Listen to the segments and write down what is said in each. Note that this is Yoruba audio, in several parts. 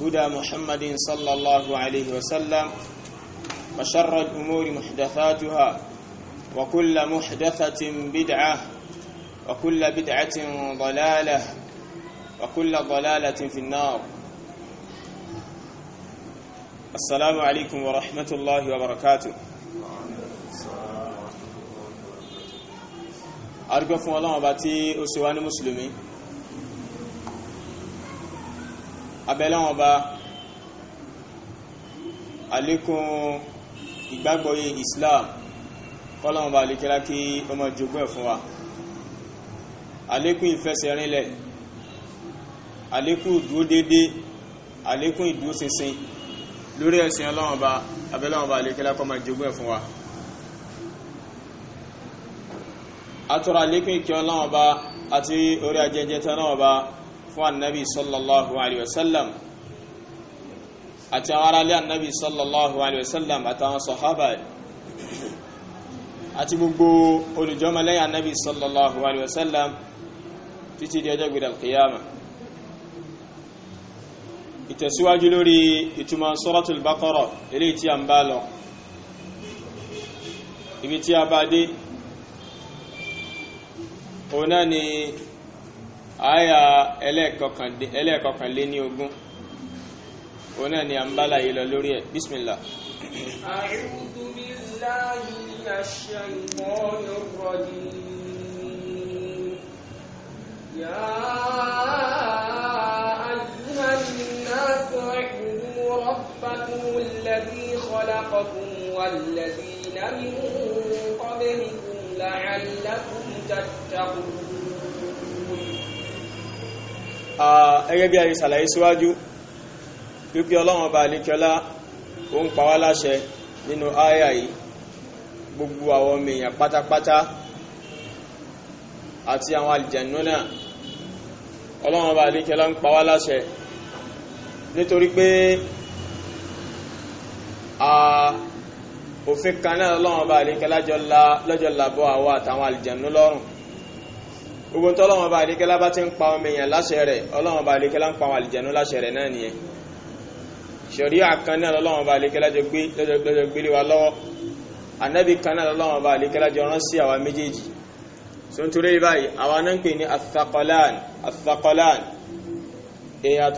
هدى محمد صلى الله عليه وسلم وشر الأمور محدثاتها وكل محدثة بدعة وكل بدعة ضلالة وكل ضلالة في النار السلام عليكم ورحمة الله وبركاته أرجو فوالله باتي أسواني مسلمين abẹ́láwọn ọba àlékún ìgbàgbọ́yé Islam kọ́láwọn ọba àlékẹ́lá kí ọmọ jogún ẹ̀ fún wa àlékún ìfẹsẹ̀rinlẹ̀ àlékún ìdúró dédé àlékún ìdúró ṣinṣin lórí ẹ̀sìn ọlọ́wọ́n ọba abẹ́láwọn ọba àlékẹ́lá kọ́ ọmọ jogún ẹ̀ fún wa atọ́rọ àlékún ìkẹ́ ọlọ́wọ́n ọba àti orí ajẹjẹ tán náà ọba fún anabi sallallahu alayhi wa sallam àti àwọn aráalé anabi sallallahu alayhi wa sallam àtàwọn sọ̀hábà àti gbogbo olùjọ́mọlẹ́yìn anabi sallallahu alayhi wa sallam títí di ọjọ́ gbèdà kìyàmà ìtẹ̀síwájú lórí ìtumọ̀ suratul Baqara eléyìí tí a ń bá lọ ibi tí a bá dé òun náà ni àyà ẹlẹ́ẹ̀kọkànlé ní ogún òun náà ni a ń bá láyé lọ lórí ẹ̀ bísmìlá a'udhu billahi minash shaytanir rajim ya ayyuhan nasu u'budu rabbakum ẹgẹ́ bí a yìí ṣàlàyé síwájú pípí ọlọ́run ọba àlékiọlá ó ń pa wá láṣẹ nínú àyà yìí gbogbo àwọn ọmọ èèyàn pátápátá àti àwọn àlìjẹ̀nú náà ọlọ́run ọba àlékiọlá ń pa wá láṣẹ nítorí pé òfin kan náà ọlọ́run ọba àlékiọlá lọ́jọ́ làbọ́ àwọn àtàwọn àlìjẹ̀nú gbogbo tó ọlọ́wọ́n bá àdékẹ́lá bá ti ń pa ọmọ èèyàn láṣẹ rẹ̀ ọlọ́wọ́n bá àdékẹ́lá ń pa àwọn àlìjẹ̀nú láṣẹ rẹ̀ náà nìyẹn ṣẹ̀rí àkan náà lọ́wọ́n bá àdékẹ́lá jọ gbé lọ́jọ́ gbélé wa lọ́wọ́ ànábì kan náà lọ́wọ́n bá àdékẹ́lá jọ rán sí àwa méjèèjì sóńtúrẹ́ báyìí àwa náà ń pè ní athaqalan athaqalan èèyàn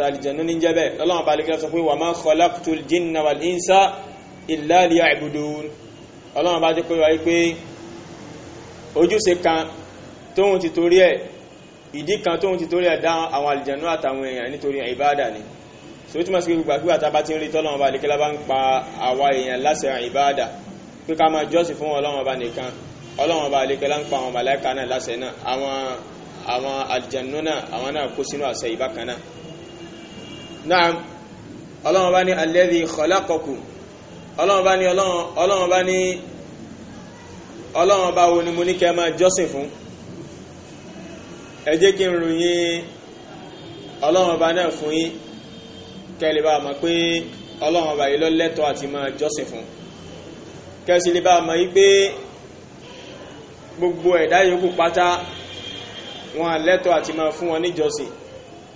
àti tóhun ti torí ẹ̀ ìdí kan tóhun ti torí ẹ̀ dá àwọn àlìjànú àtàwọn èèyàn nítorí ìbáàdà ni so túnmọ̀ sí gbogbo àgbà tàbá ti ń rí tọ́lọ́wọ́n bá lékẹ́lá bá ń pa àwa èèyàn láṣẹ ìbáàdà pé ká máa jọ́sìn fún ọlọ́wọ́n bá nìkan ọlọ́wọ́n bá lékẹ́lá ń pa àwọn màláìka náà láṣẹ náà àwọn àwọn àlìjànú náà àwọn náà kó sínú àṣẹ ìbákan náà náà ọlọ́wọ́n bá ní alladhi khalaqakum ọlọ́wọ́n bá ní ọlọ́wọ́n bá ní ọlọ́wọ́n bá wo ni mo ní kẹ́ máa jọ́sìn fún ẹ jẹ́ kí n ròyìn ọlọ́run ọba náà fún yín kẹ́lẹ̀ bá mọ̀ pé ọlọ́run ọba yìí ló lẹ́tọ̀ọ́ àti máa jọ́sìn fún kẹ́sì lè bá mọ̀ yí pé gbogbo ẹ̀dá yòókù pátá wọn lẹ́tọ̀ọ́ àti máa fún wọn níjọ́sìn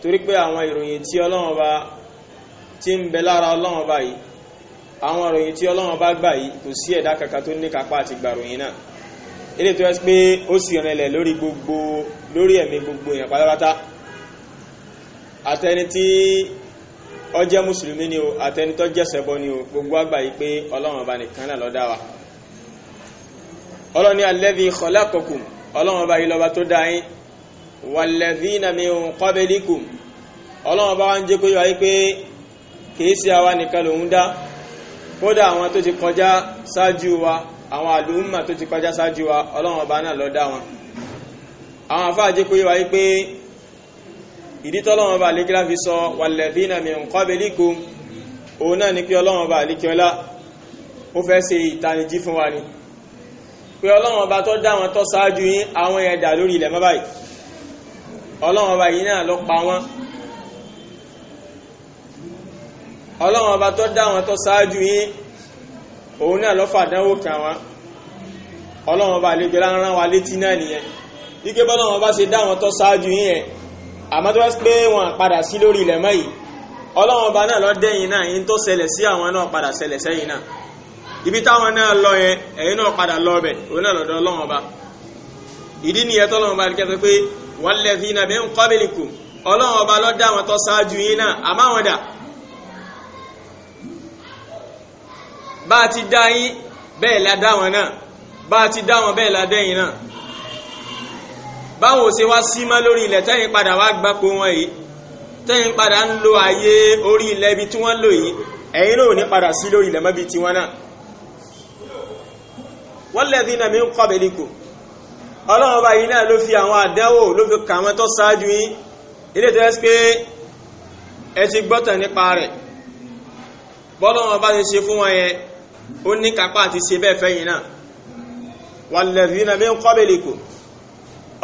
torí pé àwọn ìròyìn tí ọlọ́run ọba tí ń bẹ lára ọlọ́run ọba yìí àwọn ìròyìn tí ọlọ́run ọba gbà yìí kò sí ẹ̀dá kankan tó ní kápá àti gbàròyìn náà ilé tó yẹ pé ó sì rẹlẹ̀ lórí gbogbo lórí ẹ̀mí gbogbo èèyàn pátápátá àtẹni tí ó jẹ́ mùsùlùmí ni o àtẹni tó jẹ́ ṣẹbọ ni o gbogbo àgbà yìí pé ọlọ́run ọba nìkan náà ló dá wa ọlọ́run ni alladhi khalaqakum ọlọ́run ọba yìí lọ́ba tó dá yín walladhina min qablikum ọlọ́run ọba wa ń jẹ́ pé yọ pé kìí ṣe àwa nìkan lòún dá kódà àwọn tó ti kọjá ṣáájú wa àwọn àlùmà tó ti kọjá sáájú wa ọlọ́run ọba náà ló dá wọn àwọn àfáà jẹ́ kó yé wa wípé ìdí tọ́lọ́run ọba àlékílá fi sọ walladhina min qablikum òun náà ni pé ọlọ́run ọba àlékíọlá ó fẹ́ ṣe ìtanijí fún wa ni pé ọlọ́run ọba tó dá wọn sáájú yín àwọn ẹ̀dá lórí ilẹ̀ mọ́ báyìí ọlọ́run ọba náà ló pa wọ́n ọlọ́run ọba tó dá wọn sáájú yín òun náà lọ́fà dánwò kàn wọ́n ọlọ́run ọba àlejò rán wa létí náà nìyẹn wípé bọ́lọ́run ọba ṣe dáwọn tó ṣáájú yín yẹn àmọ́ tó wáṣí pé wọ́n padà sí lórí ilẹ̀ náà lọ dẹ́yìn náà yín tó sí àwọn náà padà náà ibi táwọn náà lọ yẹn náà padà lọ bẹ̀ òun náà lọ́dọ̀ bá a ti dá yín bẹ́ẹ̀ la dá wọn náà bá a ti dá wọn bẹ́ẹ̀ la dẹ́yìn náà báwo ṣe wá sí mọ́ lórí ilẹ̀ tẹ́yìn padà wá gbapò wọn yìí tẹ́yìn padà ń lo ààyè orí ilẹ̀ ibi tí wọ́n lò yìí ẹ̀yin náà ò ní padà sí lórí ilẹ̀ mọ́bi tiwọn náà walladhina min qablikum ọlọ́run ọba yìí náà ló fi àwọn àdánwò ló fi kà wọ́n tó ṣáájú yín ilé tó yẹ pé ẹ ti gbọ́tàn nípa rẹ̀ bọ́lọ́run ọba ti ṣe fún wọn yẹn ó ní kápá àti ṣe bẹ́ẹ̀ fẹ́yìn náà wallazina min qablikum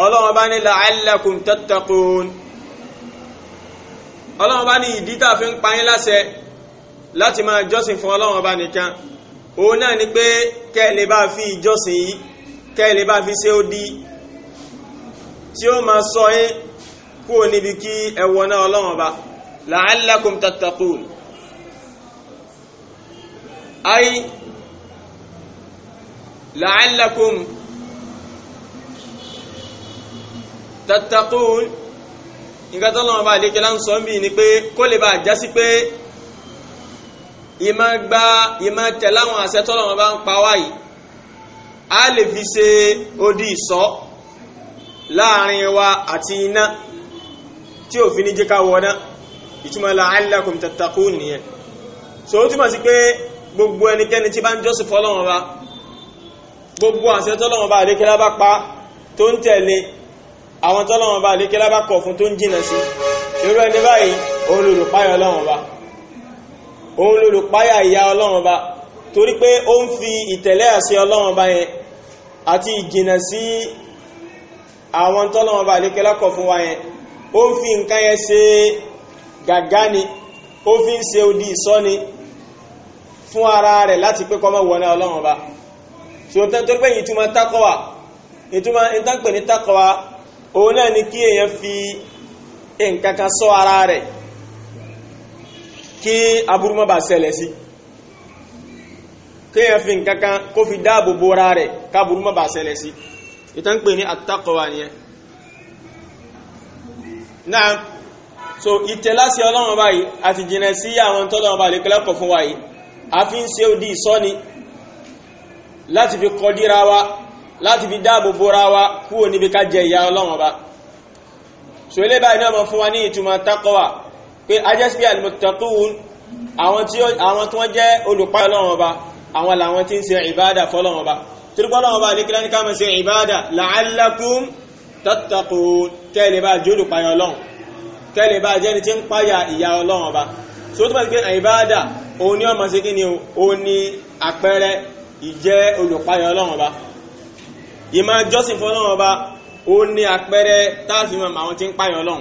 ọlọ́run bá ní la'allakum tattaqun ọlọ́run bá ní ìdí tá a fi ń pa yín láṣẹ láti máa jọ́sìn fún ọlọ́run bá nìkan òun náà ni pé kẹ́ẹ̀lẹ́ bá fi ìjọ́sìn yìí kẹ́ẹ̀lẹ́ bá fi ṣe ó di tí ó máa sọ yín kúrò níbi kí ẹwọ náà ọlọ́run bá la'allakum tattaqun أي لعلكم تتقون nǹkan tó lọ́wọ́ bá lékẹ́ láńsọ ń bí ní pé kó lè bá jásí pé ìmọ̀ gba ìmọ̀ tẹ̀láwọn àṣẹ tó lọ́wọ́ bá ń pa wáyìí a lè fi ṣe odi ìṣọ́ láàrin wa àti iná tí ò ní jẹ́ ká wọ́ná ìtumọ̀ la'allakum tattaqun nìyẹn so ó túmọ̀ sí pé gbogbo ẹnikẹ́ni tí bá ń jọ́sìn fọ́lọ́run ọba gbogbo àṣẹ tọ́lọ́run ọba àdékẹ́lá bá pa tó ń tẹ̀lé àwọn tọ́lọ́run ọba àdékẹ́lá bá kọ̀ fún tó ń jìnà sí irú ẹni báyìí òun lòlùpáyà ọlọ́run ọba òun lòlùpáyà ìyà ọlọ́run ọba torí pé ó ń fi ìtẹ̀lé àṣẹ ọlọ́run ọba yẹn àti ìjìnà sí àwọn tọ́lọ́run ọba àdékẹ́lá kọ̀ fún wa yẹn ó ń fi nǹkan yẹn ṣe gàgá ni ó fi ń ṣe odi ìsọ́ ni fún ara rẹ̀ láti pé kó má wọná ọlọ́run ọba so torí pé ìtumọ̀ tákọ́wà ìtumọ̀ ìtànpẹ̀ ní tákọ́wà òun náà ni kí èèyàn fi nǹkan kan sọ ara rẹ̀ kí aburú má bàá ṣẹlẹ̀ sí kí èèyàn fi nǹkan kan kó fi dáàbò bo ara rẹ̀ káburú má bàá ṣẹlẹ̀ sí ìtànpẹ̀ ní àtàkọ́wà nìyẹn náà so ìtẹ̀lásí ọlọ́run ọba yìí àti jìnà sí àwọn tọ́lọ́run ọba lè kẹ́lẹ́kọ̀ọ́ fún wa yìí a fi ń ṣe odi ìsọ́ni láti fi kọdíra wa láti fi dáàbò bóra wa kúrò níbi ká jẹ ìyà ọlọ́run ọba so ilé báyìí náà mọ̀ fún wa ní ìtumọ̀ takọ́wà pé ajẹ́sí almuttaqun àwọn tí wọ́n jẹ́ olùpá ọlọ́run ọba àwọn làwọn tí ń ṣe ìbáadà fọ́lọ́run bá jẹ́ olùpáyà bá jẹ́ni tí ń páyà ìyà ọlọ́run ọba so bá ti gbé ìbáadà òun ni ọmọ sí kí ni ó ní àpẹẹrẹ ìjẹ́ olùpayọ ọlọ́run ọba ìmọ̀ jọ́sìn fún ọlọ́run ọba ó ní àpẹẹrẹ táàfin mọ̀ àwọn tí ń payọ ọlọ́run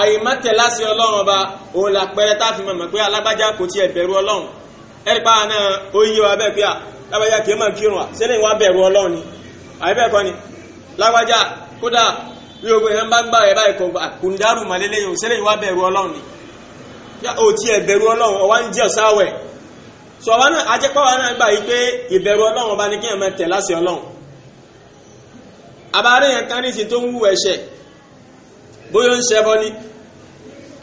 àìmọ́tẹ̀láṣẹ ọlọ́run ọba òun làpẹẹrẹ táàfin mọ̀ pé alágbájá kò tiẹ̀ bẹ̀rù ọlọ́run ẹ̀rípa náà ó yí wa ó ti ẹ̀bẹ̀rù ọlọ́run ọwá ń jẹ́ sáwẹ̀ so ọwá náà ajẹ́pọ̀wá náà gbà yí pé ìbẹ̀rù ọlọ́run ọba ní kí ẹ̀mọ tẹ̀ láṣẹ ọlọ́run abárẹ́ yẹn kan ní ti tó ń wú ẹ̀ṣẹ̀ bóyá ń ṣẹbọ ni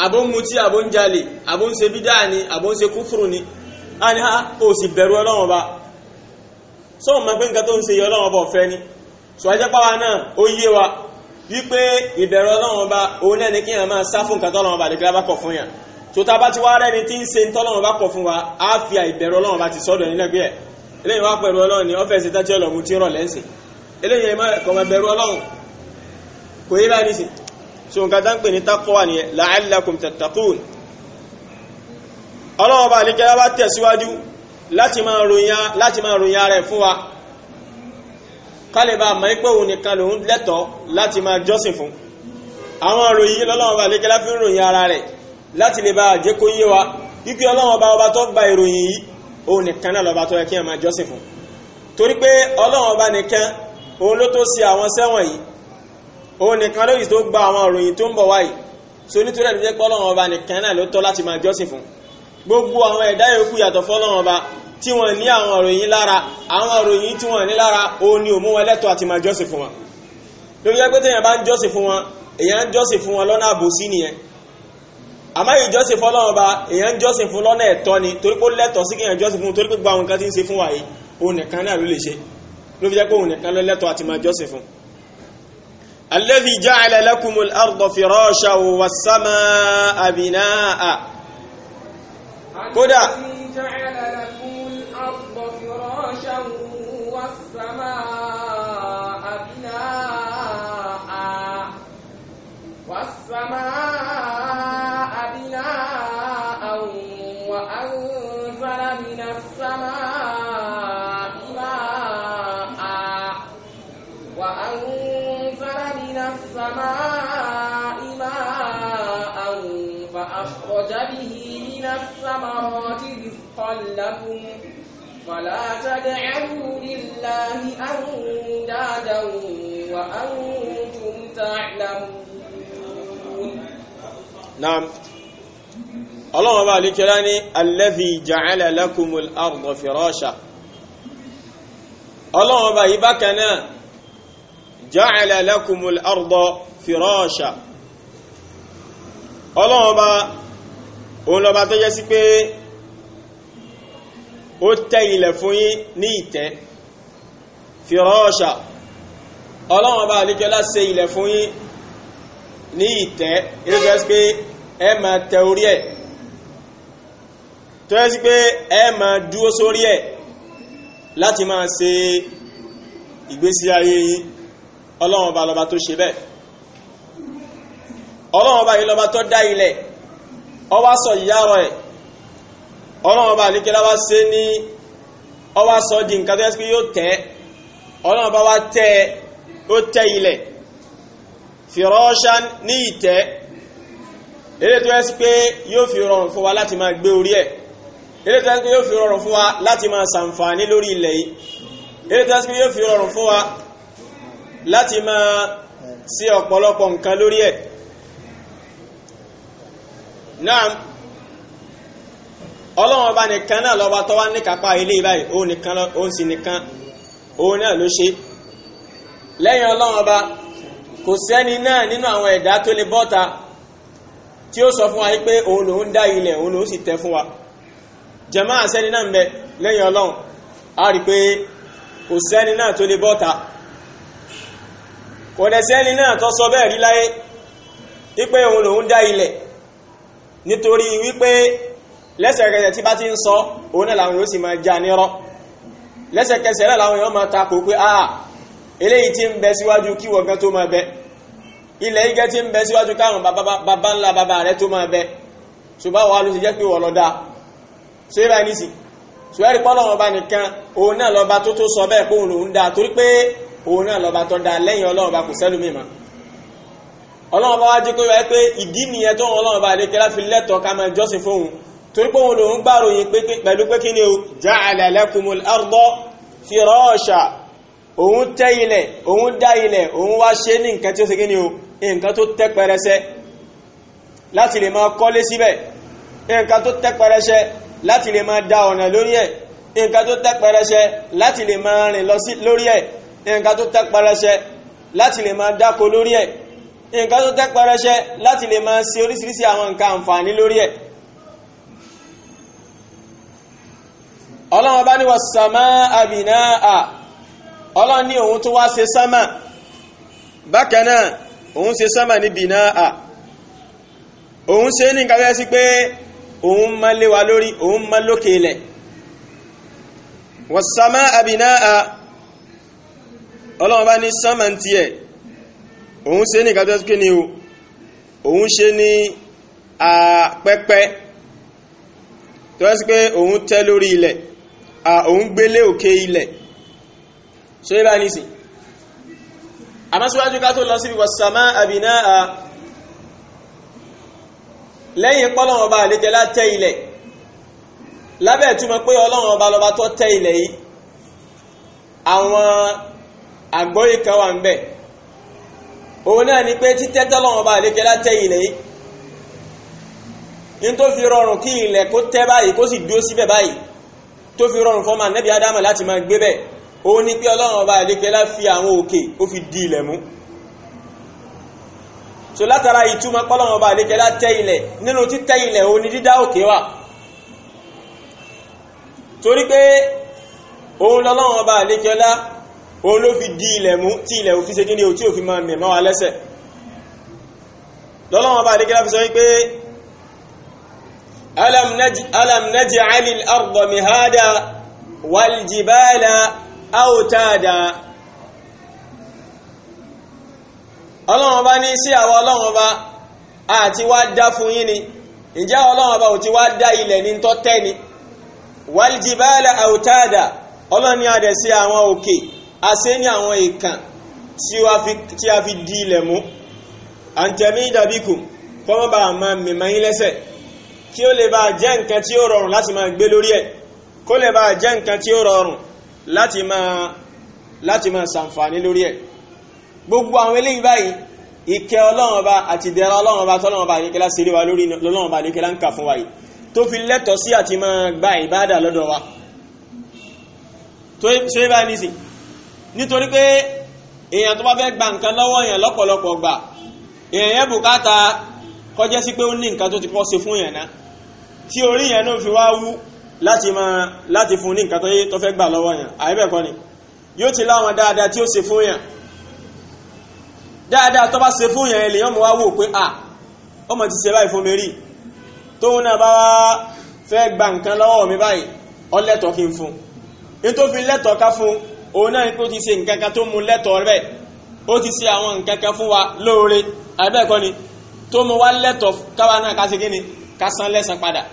àbó ń mutí àbó ń jalè àbó ń ṣe bídáà ni àbó ń ṣe kúfùrù ni a ní ó sì bẹ̀rù ọlọ́run ọba so ọmọ pé nǹkan tó ń ṣe yọ ọlọ́run ọba ọ̀fẹ́ ni so ajẹ́pọ̀wá náà ó yé wa wípé ìbẹ̀rù ọlọ́run ọba òun náà ní kí ẹ̀mọ sá fún nǹkan tó ọlọ́run ọba àdékẹ́lá bá kọ̀ fún yàn tó tá a bá ti wá rẹ́ni tí ń ṣe ń tọ́lọ́run bá kọ̀ fún wa á fi àìbẹ̀rù ọlọ́run bá ti sọ́dọ̀ ẹni lẹ́gbẹ́ ẹ̀ eléyìí wá pẹ̀lú ọlọ́run ní ọ́fẹ́sì tájẹ́ ọlọ́run tí ń rọ̀ lẹ́sìn eléyìí kò máa bẹ̀rù ọlọ́run kò yé bá nìsín so nǹkan tá ń pè ní taqwa nìyẹn la'allakum tattaqun ọlọ́run bá àlékẹ́lá bá tẹ̀síwájú láti máa ròyìn ara ẹ̀ fún wa kálẹ̀bá àmọ́ ipò òun nìkan lòun lẹ́tọ̀ọ́ láti máa jọ́sìn fún àwọn ròyìn lọ́lọ́run bá àlékẹ́lá fi ń ròyìn ara rẹ̀ láti lè bá jẹ́ kó yé wa ikú ọlọ́run ọba ọba tó gba ìròyìn yìí òun nìkan náà lọ́ba tó yẹ kí ẹ máa jọ́sìn fún torí pé ọlọ́run ọba nìkan òun ló tó ṣe àwọn sẹ́wọ̀n yìí òun nìkan ló yìí tó gba àwọn ìròyìn tó ń bọ̀ wáyìí so nítorí ẹni jẹ́ pé ọlọ́run ọba nìkan náà ló tọ́ láti máa jọ́sìn fún gbogbo àwọn ẹ̀dá yòókù yàtọ̀ fọ́lọ́run ọba tí wọ́n ní àwọn ìròyìn lára àwọn ìròyìn tí wọ́n ní lára òun ni òmú wọn lẹ́tọ̀ọ́ àti máa jọ́sìn fún wọn lórí ẹgbẹ́ tẹ̀yàn bá ń jọ́sìn fún wọn èèyàn ń jọ́sìn fún wọn lọ́nà àbòsí nìyẹn àmọ́ ìjọsìn fọlọ́run ọba èèyàn jọ́sìn fún lọ́nà ẹ̀tọ́ ni torí pé ó lẹ́tọ̀ọ́ sí kéèyàn jọ́sìn fún torí pé gbogbo àwọn nǹkan tí ń ṣe fún wa yìí òun nìkan náà ló lè ṣe ló fi jẹ́ pé òun nìkan ló lẹ́tọ̀ọ́ àti máa jọ́sìn fún. alladhi ja'ala lakumul arda firasha was samaa binaa. kódà. ja'ala lakumul arda firasha was samaa binaa was samaa. أخرج به من الثمرات رزقا لكم فلا تدعوا لله أندادا وأنتم تعلمون نعم الله ما عليك الذي جعل لكم الأرض فراشا الله ما يبكنا جعل لكم الأرض فراشا الله ما òun lọ́ba tó jẹ́ sí pé ó tẹ́ ilẹ̀ fún yín ní ìtẹ́ fìrọ́ọ̀ṣà ọlọ́run ọba àlíkẹ́lá ṣe ilẹ̀ fún yín ní ìtẹ́ ilé tó jẹ́ sí pé ẹ máa tẹ orí ẹ̀ tó yẹ sí pé ẹ máa dúró sórí ẹ̀ láti máa ṣe ìgbésí ayé yín ọlọ́run ọba lọba tó ṣe bẹ́ẹ̀ ọlọ́run ọba yìí lọba tó dá ilẹ̀ ọwá sọ ìyàwó ẹ̀ ọlọ́run ọba àlékẹ́lá wá ṣe ní ọwá sọ di nǹkan tó yẹ kí yóò tẹ́ ọlọ́run ọba wá tẹ́ ó tẹ́ ilẹ̀ firashan ní ìtẹ́ eré tó yẹ sí pé yóò fi rọrùn fún wa láti máa gbé orí ẹ̀ eré tó yẹ pé yóò fi rọrùn fún wa láti máa ṣàǹfààní lórí ilẹ̀ yìí eré tó yẹ pé yóò fi rọrùn fún wa láti máa ṣe ọ̀pọ̀lọpọ̀ nǹkan lórí ẹ̀ naam ọlọ́run ọba nìkan náà lọ́ba tó wá ní kápá ilé báyìí ó nìkan ó sì nìkan òun náà ló ṣe lẹ́yìn ọlọ́run ọba kò sẹ́ni náà nínú àwọn ẹ̀dá tó lè bọ́ta tí ó sọ fún wa pé òun lòun dá ilẹ̀ òun lòun sì tẹ́ fún wa jẹ̀mọ́ àsẹ́ni náà ń bẹ lẹ́yìn ọlọ́run a rí pé kò sẹ́ni náà tó lè bọ́ta kò dẹ̀ sẹ́ni náà tó sọ bẹ́ẹ̀ rí láyé wípé òun lòun dá ilẹ̀ nítorí wípé lẹ́sẹ̀kẹsẹ̀ tí bá ti ń sọ òun náà làwọn yóò sì máa já nírọ́ lẹ́sẹ̀kẹsẹ̀ náà làwọn yóò máa takò pé ah eléyìí ti ń bẹ síwájú kí wọ́n gan tó máa bẹ ilẹ̀ igẹ́ ti ń bẹ síwájú káwọn bàbá ńlá bàbá rẹ tó máa bẹ ṣùgbọ́n wàá ló ti jẹ́ pé wọ́n lọ dáa bá ọlọ́run bá wá jẹ́ pé wáyé pé ìdí nìyẹn tó wọn ọlọ́run bá lè kẹ́lá fi lẹ́tọ̀ọ́ ká máa jọ́sìn fóun torí pé òun lòun gbàròyìn pẹ̀lú pé kí ni o ja'ala lakumul arda firasha òun tẹ́ ilẹ̀ òun dá ilẹ̀ òun wá ṣe ní nǹkan tí ó ṣe kí ni o nǹkan tó tẹ́ pẹrẹsẹ láti lè máa kọ́lé síbẹ̀ nǹkan tó tẹ́ pẹrẹsẹ láti lè máa da ọ̀nà lórí ẹ̀ nǹkan tó tẹ́ pẹrẹsẹ láti lè máa rìn lọ sí lórí ẹ̀ nǹkan tó tẹ́ pẹrẹsẹ láti lè máa dáko lórí ẹ̀ nǹkan tó tẹ́ pẹrẹsẹ láti lè máa ṣe oríṣiríṣi àwọn nǹkan àǹfààní lórí ẹ̀ ọlọ́run bá ní wọ́n sàmá àbìnà à ọlọ́run ní òun tó wá ṣe sánmà bákan náà òun ṣe sánmà ní bìnà à òun ṣe ní nǹkan fẹ́ sí pé òun mọ́ lé wa lórí òun mọ́ lókè ilẹ̀ wọ́n sàmá àbìnà à ọlọ́run bá ní sánmà ń tiẹ̀ òun ṣe ní ìkàtọ́ kí ni o òun ṣe ní pẹ́pẹ́ tó ẹ́ sí pé òun tẹ́ lórí ilẹ̀ òun gbélé òkè ilẹ̀ so yíba nísì àmásíwájú ká tó lọ sí wàsàmá àbìná à lẹ́yìn pọ́lọ̀wọ̀n ọba àlejẹ́lá tẹ́ ilẹ̀ lábẹ́ ìtumọ̀ pé ọlọ́run ọba lọba tó tẹ́ ilẹ̀ yìí àwọn àgbọ́yé kan wà ń bẹ̀ẹ́ òun náà ni pé títẹ́ tọ́lọ́wọ́n bá lè kẹ́lá tẹ́ ilẹ̀ yìí ní tó fi rọrùn kí ilẹ̀ kó tẹ́ báyìí kó sì dúró síbẹ̀ báyìí tó fi rọrùn fọ́mà nẹ́bí ádámà láti máa gbé bẹ̀ òun ni pé ọlọ́wọ́n bá lè kẹ́lá fi àwọn òkè ó fi di ilẹ̀ mú so látara ìtumọ̀ pọ́lọ́wọ́n bá lè kẹ́lá tẹ́ ilẹ̀ nínú títẹ́ ilẹ̀ òun ni dídá òkè wà torí pé òun lọ́lọ́wọ́n bá lè kẹ́lá o ló fi di ilẹ̀ mú tí ilẹ̀ òfin ṣe kíní o tí òfin máa mẹ̀mọ́ wa lẹ́sẹ̀ lọ́lọ́wọ́n bá adékẹ́lá fi sọ wípé alam naj'ali al mihada wal jibala ọlọ́wọ́n bá ní sí àwọn ọlọ́wọ́n bá àti wá dá fún yín ni ǹjẹ́ ọlọ́wọ́n bá ò ti wá dá ilẹ̀ ní tọ́tẹ́ ni wal jibala ọlọ́ni adẹ̀ sí àwọn òkè a ṣe ní àwọn ìkàn tí a fi di ilẹ̀ mú àǹtẹ̀mí ìdàbíkù kọ́mọ́ bá a máa mìmọ́ yín lẹ́sẹ̀ kí ó lè bá a jẹ́ nǹkan tí ó rọrùn láti máa gbé lórí ẹ̀ kó lè bá a jẹ́ nǹkan tí ó rọrùn láti máa láti máa ṣàǹfààní lórí ẹ̀ gbogbo àwọn eléyìí báyìí ìkẹ́ ọlọ́run ọba àti ìdẹ̀ra ọlọ́run ọba tọ́lọ́run ọba àlékelá sí wa lórí lọ́lọ́run ọba àlékelá ń kà fún wa yìí tó fi lẹ́tọ̀ọ́ sí àti máa gba ìbáàdà lọ́dọ̀ wa tó ṣe é báyìí nísìnyí nítorí pé èèyàn tó bá fẹ́ gba nǹkan lọ́wọ́ èèyàn lọ́pọ̀lọpọ̀ gbà èèyàn yẹn bùkátà kọjá sí pé ó ní nǹkan tó ti kọ́ ṣe fún èèyàn náà tí orí yẹn náà fi wá wú láti máa láti fún ní nǹkan tó fẹ́ gbà lọ́wọ́ èèyàn àyẹ́bẹ̀ kọ́ ni yóò ti láwọn dáadáa tí ó ṣe fún èèyàn dáadáa tó bá ṣe fún èèyàn èèyàn mọ̀ wá wò pé à ọmọ ti ṣe báyìí fún mi rí tóun náà bá wá fẹ́ gba nǹkan lọ́wọ́ mi báyìí ó lẹ́tọ̀ọ́ kí n fún un tó fi lẹ́tọ̀ọ́ ká fún un O ni ko ti se nkankan kan to mu leto re o ti se awon nkankan kan fun wa lore abe ko ni to mu wa leto ka wa na ka se kini san pada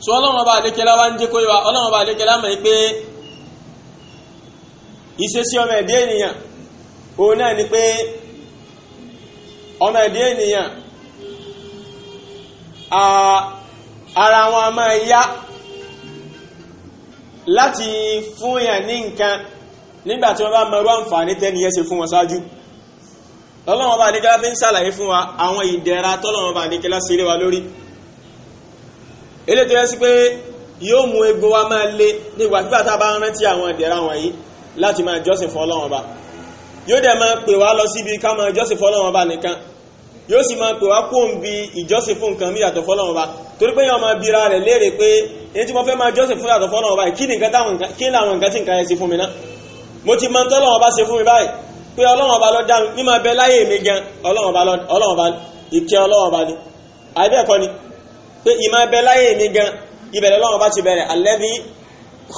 so olorun ba de ke la wa nje ko yiwa olorun ba de ke la pe ise si o me de niyan ona ni pe o me de niyan a ara won ma ya láti fún yàn ní nǹkan nígbàtí wọ́n bá mọ̀rọ̀ àǹfààní tẹ́ni yẹn ṣe fún wọn ṣáájú lọ́lọ́wọ́n bá nígbà fi ń ṣàlàyé fún wa àwọn ìdẹ̀ra tọ́lọ́wọ́n bá nígbà sí ilé wa lórí eléyìí tó yẹ sí pé yóò mú egbò wa máa le nígbà tí bàtà bá rántí àwọn ìdẹ̀ra wọ̀nyí láti máa jọ́sìn fún Ọlọ́run Ọba yóò dẹ̀ máa pè wá lọ síbi ká máa jọ́sìn fún Ọlọ́run Ọba nìkan yóò sì máa pè wá kó ń bi ìjọ́sìn fún nǹkan míyàtọ̀ fún Ọlọ́run Ọba torí pé yóò máa bira rẹ̀ léèrè pé èyí tí mo fẹ́ máa jọ́sìn fún yàtọ̀ fọ́lọ́wọ́ báyìí kí ni nǹkan táwọn kí làwọn nǹkan tí nǹkan yẹn ṣe fún mi náà mo ti máa ń tọ́lọ́wọ́ bá ṣe fún mi báyìí pé ọlọ́wọ́ bá lọ dá mi mímọ bẹ láyé mi gan ọlọ́wọ́ bá ìkẹ́ ọlọ́wọ́ bá ní àìbẹ́ẹ̀kọ́ ni pé ìmọ̀ bẹ láyé mi gan ìbẹ̀rẹ̀ ọlọ́wọ́ bá ti bẹ̀rẹ̀ alladhi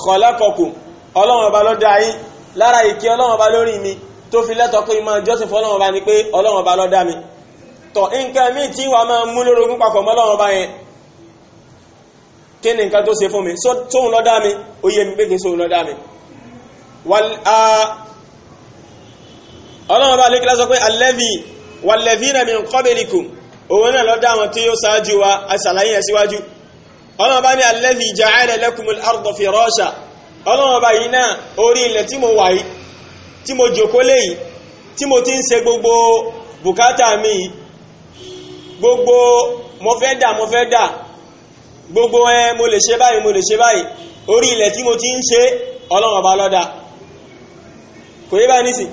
khalaqakum ọlọ́wọ́ bá lọ dá yín lára ìkẹ́ ọlọ́wọ́ bá lórí mi tó fi lẹ́tọ̀ pé ìmọ̀ jọ́sìn fún ọlọ́wọ́ bá ní pé ọlọ́wọ́ bá lọ dá mi tọ̀ nǹkan míì tí wàá máa mú lórogún papọ̀ mọ́ ọlọ́wọ́ bá yẹn kí ni nǹkan tó ṣe fún mi sóhun ló dá mi ó yé mi pé kí sóhun ló dá mi ọlọ́run bá lékílá sọ pé alẹ́bí wàlẹ́bíra min qablikum òun náà ló dá wọn tí ó sáájú wa aṣàlàyé ẹ̀ síwájú ọlọ́run bá ní alẹ́bí ja'ala lakumul arda firasha ọlọ́run bá yìí náà orí ilẹ̀ gbogbo mo fẹ́ dà mo fẹ́ dà gbogbo ẹ mo lè ṣe báyìí mo lè ṣe báyìí orí ilẹ̀ tí mo ti ń ṣe ọlọ́run ọba lọ́dà kò yé báyìí nísìn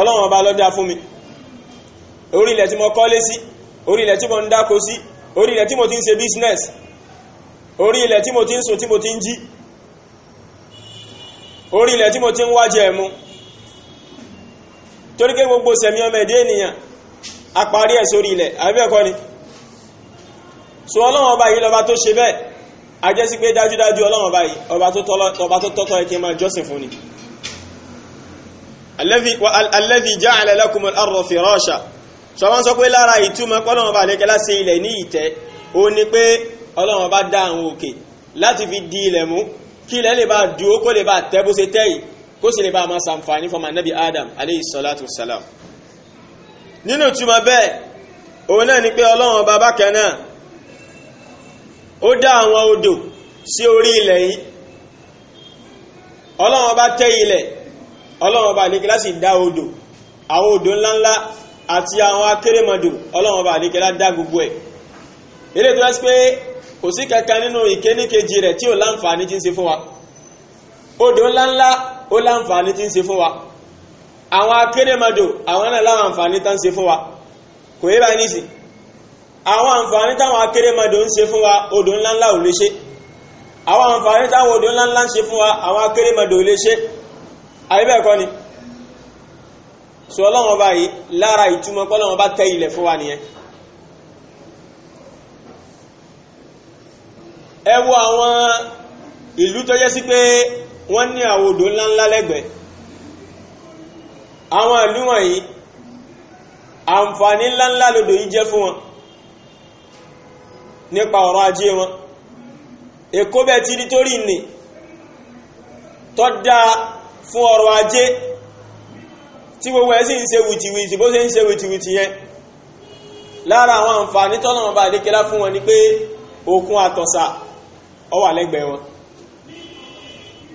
ọlọ́run ọba fún mi orí ilẹ̀ tí mo kọ́lé sí orí ilẹ̀ tí mo ń dáko sí orí ilẹ̀ tí mo ti ń ṣe business orí ilẹ̀ tí mo ti ń sùn tí mo ti ń jí orí ilẹ̀ tí mo ti ń wájẹ ẹ̀mú torí pé gbogbo sẹ̀mí ọmọ ẹ̀dẹ́ ènìyàn a parí ẹ̀ sórí ilẹ̀ àbẹ́ẹ̀kọ́ ni so ọlọ́wọ́n ọba yìí lọ́ba tó ṣe bẹ́ẹ̀ ajẹ́sí pé dájúdájú ọlọ́wọ́n ọba yìí ọba tó tọ́tọ́ ẹ̀kẹ́ máa jọ́sìn fún ni alladhi ja'ala lakum al-ardha firasha so wọ́n sọ pé lára ìtumọ̀ ọlọ́wọ́n ọba lẹ́kẹ́ láti ilẹ̀ ní ìtẹ́ ó ní pé ọlọ́wọ́n ọba dá àwọn òkè láti fi di ilẹ̀ mú kí ilẹ̀ lè bá dúó kó lè bá tẹ́ bó ṣe tẹ́ yìí kó sì lè bá máa ṣàǹfààní fọmọ anábì adam aleyhi salatu salam nínú ìtumọ̀ bẹ́ẹ̀ òun náà ni pé ọlọ́wọ́n ọba bákan náà ó dá àwọn odò sí orí ilẹ̀ yìí ọlọ́run bá tẹ́ ilẹ̀ ọlọ́run bá àdékẹ́lá sì dá odò àwọn odò ńláńlá àti àwọn akérèmọdò ọlọ́run bá àdékẹ́lá dá gbogbo ẹ̀ eré tó lásì pé kò sí kankan nínú ìkéníkejì rẹ̀ tí ò láǹfààní ti ń ṣe fún wa odò ńláńlá ó láǹfààní ti ń ṣe fún wa àwọn akérèmọdò àwọn náà láwọn àǹfààní tán ń ṣe fún wa kò báyìí àwọn àǹfààní táwọn akérèmọdò ń ṣe fún wa odò ńláńlá ò lè ṣe àwọn àǹfààní táwọn odò ńláńlá ń ṣe fún wa àwọn akérèmọdò ò lè ṣe àyíbẹ̀ẹ̀kọ́ ni sọ ọlọ́run ọba yìí lára ìtumọ̀ pọ́lọ́run ọba tẹ́ ilẹ̀ fún wa nìyẹn ẹ wo àwọn ìlú tó jẹ́ sí pé wọ́n ní àwọn odò ńláńlá lẹ́gbẹ̀ẹ́ àwọn ìlú wọ̀nyí àǹfààní ńláńlá lodò yìí jẹ́ fún wọn nípa ọ̀rọ̀ ajé wọn èkó bẹ́ẹ̀ ti rí torí nì tọ́ dáa fún ọ̀rọ̀ ajé tí gbogbo ẹ̀ sì ń ṣe wìtìwìtì bó ṣe ń ṣe wìtìwìtì yẹn lára àwọn àǹfààní tọ́nà wọn bá dékẹ́lá fún wọn ni pé òkun àtọ̀sà ó wà lẹ́gbẹ̀ẹ́ wọn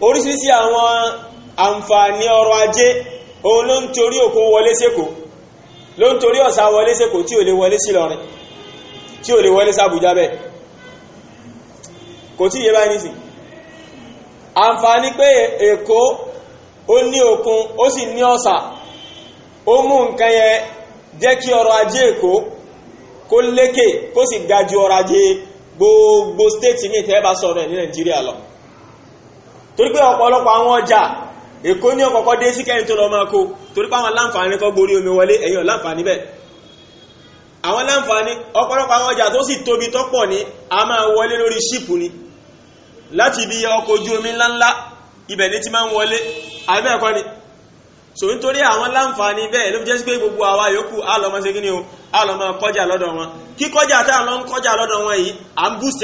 oríṣiríṣi àwọn àǹfààní ọrọ̀ ajé òun ló ń torí òkun wọlé sẹ́kọ̀ọ́ ló ń torí ọ̀sà wọlé sẹ́kọ̀ọ́ tí ò lè wọlé sí lọ́rin tí ò lè wọlé sábùjá bẹ́ẹ̀ kò tí yé báyìí nísìn àǹfààní pé Èkó ó ní òkun ó sì ní ọ̀sà ó mú nǹkan yẹn jẹ́ kí ọrọ̀ ajé Èkó kó lékè kó sì ga ju ọrọ̀ ajé gbogbo stéètì míì tẹ́ bá sọ̀rọ̀ ẹ̀ ní Nàìjíríà lọ torí pé ọ̀pọ̀lọpọ̀ àwọn ọjà Èkó ní ọ̀kọ̀ọ̀kọ́ dé sí kẹ́yìn tó lọ́ọ́ máa kó torí pé àwọn láǹfààní kọ́ gborí omi wọlé ẹ̀yìn láǹfààní bẹ́ẹ̀ àwọn láǹfààní ọpọlọpọ àwọn ọjà tó sì tóbi tọ́pọ̀ ní a máa wọlé lórí ṣípù ni láti bí ọkọ̀ ojú omi ńláńlá ibẹ̀ ní ti máa ń wọlé àbẹ́ ni so nítorí àwọn láǹfààní bẹ́ẹ̀ ló jẹ́ sí pé gbogbo àwa yòókù àlọ́mọ ṣe o àlọ́mọ kọjá lọ́dọ̀ wọn kí kọjá tá à lọ ń kọjá lọ́dọ̀ wọn yìí à ń boost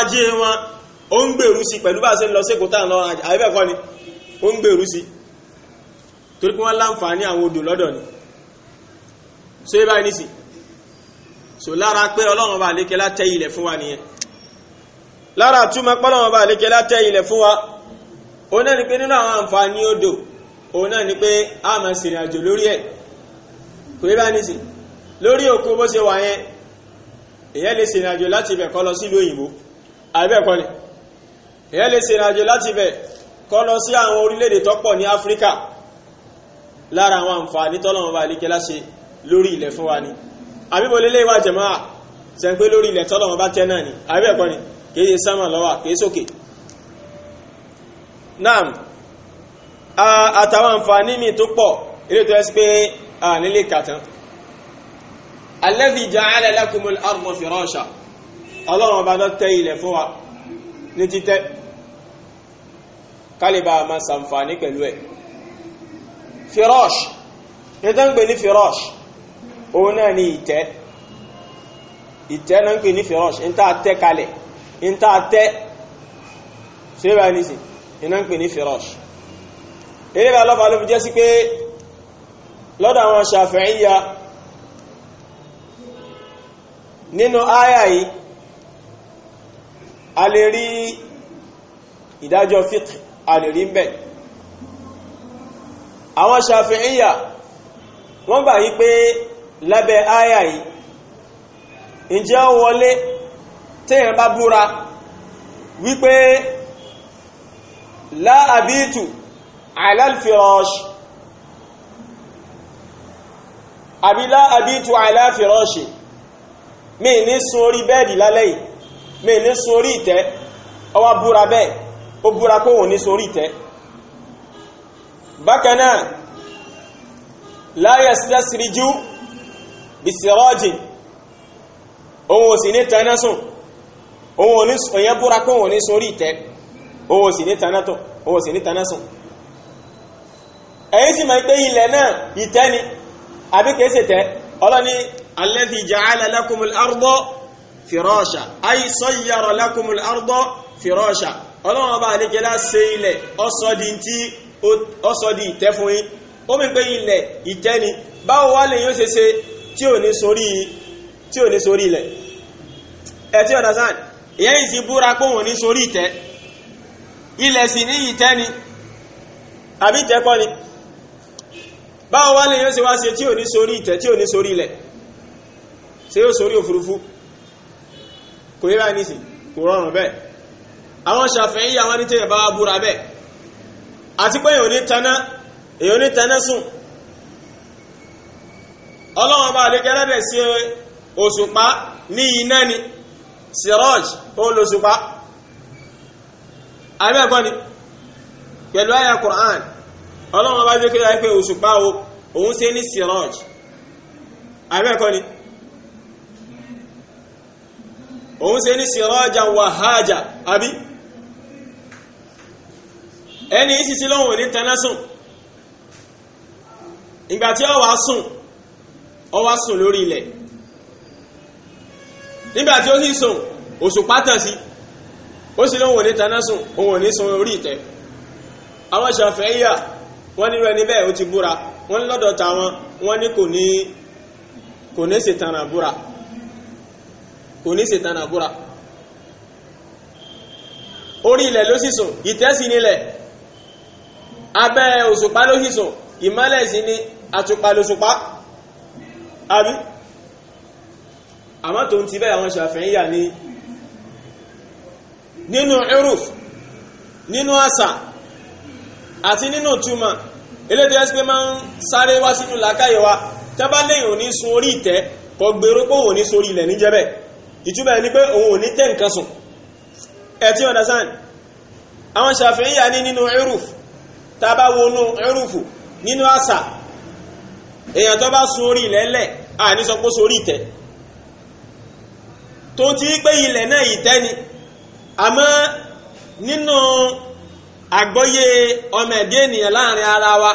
ajé wọn ó ń gbèrú sí pẹ̀lú bá a ṣe lọ ni ó torí pé wọ́n láǹfààní àwọn odò lọ́dọ̀ ni so yíba ní sí so lára pé ọlọ́run bá lékẹ́ látẹ́ ilẹ̀ fún wa nìyẹn lára túmọ̀ pọ́lọ́run bá lékẹ́ látẹ́ ilẹ̀ fún wa òun náà ni pé nínú àwọn àǹfààní odò òun náà ni pé a máa sìnrìn àjò lórí ẹ̀ kò yíba ní sí lórí òkú bó ṣe wà yẹn èyẹ́ lè sìnrìn àjò láti ibẹ̀ kọ́ lọ sílùú òyìnbó àbẹ́ẹ̀kọ́ ni èyẹ́ lè sìnrìn àjò láti ibẹ̀ kọ́ lọ sí àwọn orílẹ̀-èdè tó ní áfíríkà lára àwọn àǹfààní tọ́lọ́wọ́n bá alékẹ́ láṣe lórí ilẹ̀ fún wa ni àbíbo lélẹ́ ìwà jẹ̀máà ṣe ń pé lórí ilẹ̀ tọ́lọ́wọ́n bá tẹ́ náà ni àbí ẹ̀kọ́ ni kìí ṣe sámà lọ́wà kìí sókè naam àtàwọn àǹfààní mi tó pọ̀ ilé tó firash nítorí pé ní firash òun náà ni ìtẹ́ ìtẹ́ náà ń pè ní firash ní tá a tẹ́ kalẹ̀ ní tá a tẹ́ ṣé bá ní sìn iná ń pè ní firash eré bá lọ́fà ló fi jẹ́ sí pé lọ́dọ̀ àwọn Ṣàfi'íyà nínú áyà yìí a lè rí ìdájọ́ fitr a lè rí bẹ́ẹ̀ àwọn ṣàfihíyà wọ́n gbà yí pé lábẹ́ àyà yìí ǹjẹ́ ó wọlé téèyàn bá búra wípé láàbìtù àìláfìrọ́ṣì àbí láàbìtù àìláfìrọ́ṣì mi ní sun orí bẹ́ẹ̀dì lálẹ́ yìí mi ní sun ìtẹ́ ó búra bẹ́ẹ̀ ó búra kóhùn ní sun ìtẹ́ bákan náà la yastasriju bisirajin òun ò sì ní tanná sùn òun ò ní òyìn búra kó òun ní sórí ìtẹ́ òun ò sì ní tanná tọ̀ òun ò sì ní tanná sùn ẹ̀yìn sì máa pé ilẹ̀ náà ìtẹ́ ni àbí kìí tẹ́ ọlọ́ni alladhi ja'ala lakumul arda firasha ay sayyara lakumul arda ọlọ́run ọba àdékẹ́lá ṣe ilẹ̀ ọsọ́dí tí ó sọ di ìtẹ́ fún yín ó mi pé ilẹ̀ ìtẹ́ ni báwo wá lè yín ó ṣe ṣe tí ò ní sórí tí ò ní sórí ilẹ̀ ẹ tí ọ̀dà sáà ìyẹn yìí ti búra pé òun ní sórí ìtẹ́ ilẹ̀ sì ní ìtẹ́ ni àbí ìtẹ́ kọ́ ni báwo wá lè yín ó ṣe wá ṣe tí ò ní sórí ìtẹ́ tí ò ní sórí ilẹ̀ ṣé yóò sórí òfurufú kò yẹ báyìí nìsín kò rọrùn bẹ́ẹ̀ àwọn ṣàfihàn àwọn ní tẹ̀yẹ̀ bá búra bẹ́ẹ̀ àti pé èyàn ní taná èyàn ní taná sùn ọlọ́wọ́n bá lè gẹ́lẹ́dẹ̀ sí òṣùpá ní iná ni siraj ó lòṣùpá àbí ẹ̀kọ́ ni pẹ̀lú àyà Qur'an ọlọ́wọ́n bá jẹ́ kí láyé pé òṣùpá o òun ṣe ní siraj àbí ẹ̀kọ́ ni òun ṣe ní siraja wàhájà àbí ẹni ìsìsí lóhun ò ní tẹ́lẹ̀ sùn ìgbà tí ó wá sùn ó wá sùn lórí ilẹ̀ nígbà tí ó sì sùn òṣùpá tàn sí ó sì lóhun ò ní tẹ́lẹ̀ sùn òun ò ní sùn orí ìtẹ́ àwọn Ṣàfi'íyà wọ́n nílò ẹni bẹ́ẹ̀ ó ti búra wọ́n ní lọ́dọ̀ tàwọn wọ́n ní kò ní kò ní ṣètànà búra kò ní ṣètànà búra orí ilẹ̀ ló sì sùn nílẹ̀ abẹ́ òṣùpá ló hìsùn ìmọ́lẹ̀ sí ni àtùpà lòṣùpá àbí àmọ́ tó ń ti bẹ́ẹ̀ àwọn ṣàfihàn yà ní nínú iruf nínú àṣà àti nínú túmọ̀ eléyìí ẹ́sì pé ń sáré wá sínú làákàyè wa tẹ́ bá léyìn òní sun orí ìtẹ́ kọ gbèrò pé òun ní sórí ilẹ̀ ní jẹ́bẹ̀ ìtúbẹ̀ ni pé òun ò ní tẹ́ nǹkan sùn ẹ̀ tí àwọn ṣàfihàn ní nínú iruf tá a ẹrùfù nínú àṣà èèyàn tó bá sun orí ilẹ̀ lẹ̀ àní sọ pé sórí ìtẹ́ tó ti pé ilẹ̀ náà ìtẹ́ àmọ́ nínú àgbọ́yé ọmọ ẹ̀dẹ́ ènìyàn láàrin ara wa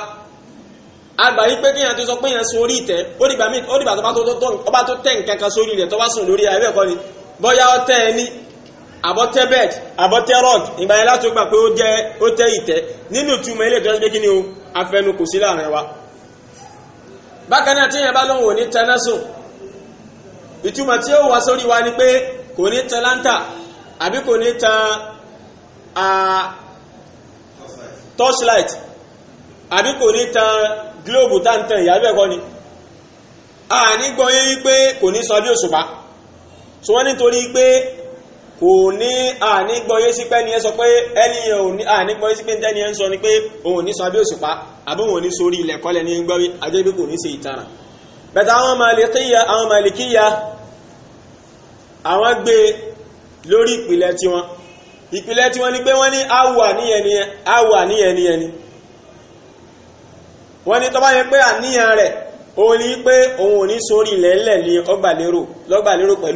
àgbà pé kéèyàn tó sọ pé ìtẹ́ ó dìgbà tó bá tó tẹ̀ nǹkan kan sórí ilẹ̀ tó bá sùn àbọ̀tẹ́ bed àbọ̀tẹ́ rod ìgbà yẹn láti gbà pé ó jẹ́ ó tẹ́ ìtẹ́ nínú ìtumọ̀ ilé pé ni o afẹnu kò sí láàrin wa bákan náà tí yẹn bá lóun ò ní ìtumọ̀ tí ó wa ni pé kò ní tẹ láńtà àbí kò ní tan torchlight àbí kò ní tan globe táǹtàn ìyá bẹ́ẹ̀ kọ́ ni àní gbọ́ yé wípé kò ní sọ bí òṣùpá wọ́n nítorí pé kò ní ànígbọ́yé sí pé ní sọ pé ẹniyàn ò ní ànígbọ́yé sí pé ní ẹniyàn sọ ni pé òun ní sọ abẹ́ òṣùpá àbúrò ní sórí ilẹ̀ kọ́lẹ̀ ní gbọ́rí ajébí ní ṣe ìtara bẹ̀tẹ̀ àwọn àwọn àwọn gbé lórí ìpìlẹ̀ tiwọn ìpìlẹ̀ tiwọn ni pé wọ́n ní awà níyẹniyẹn bá pé pé òun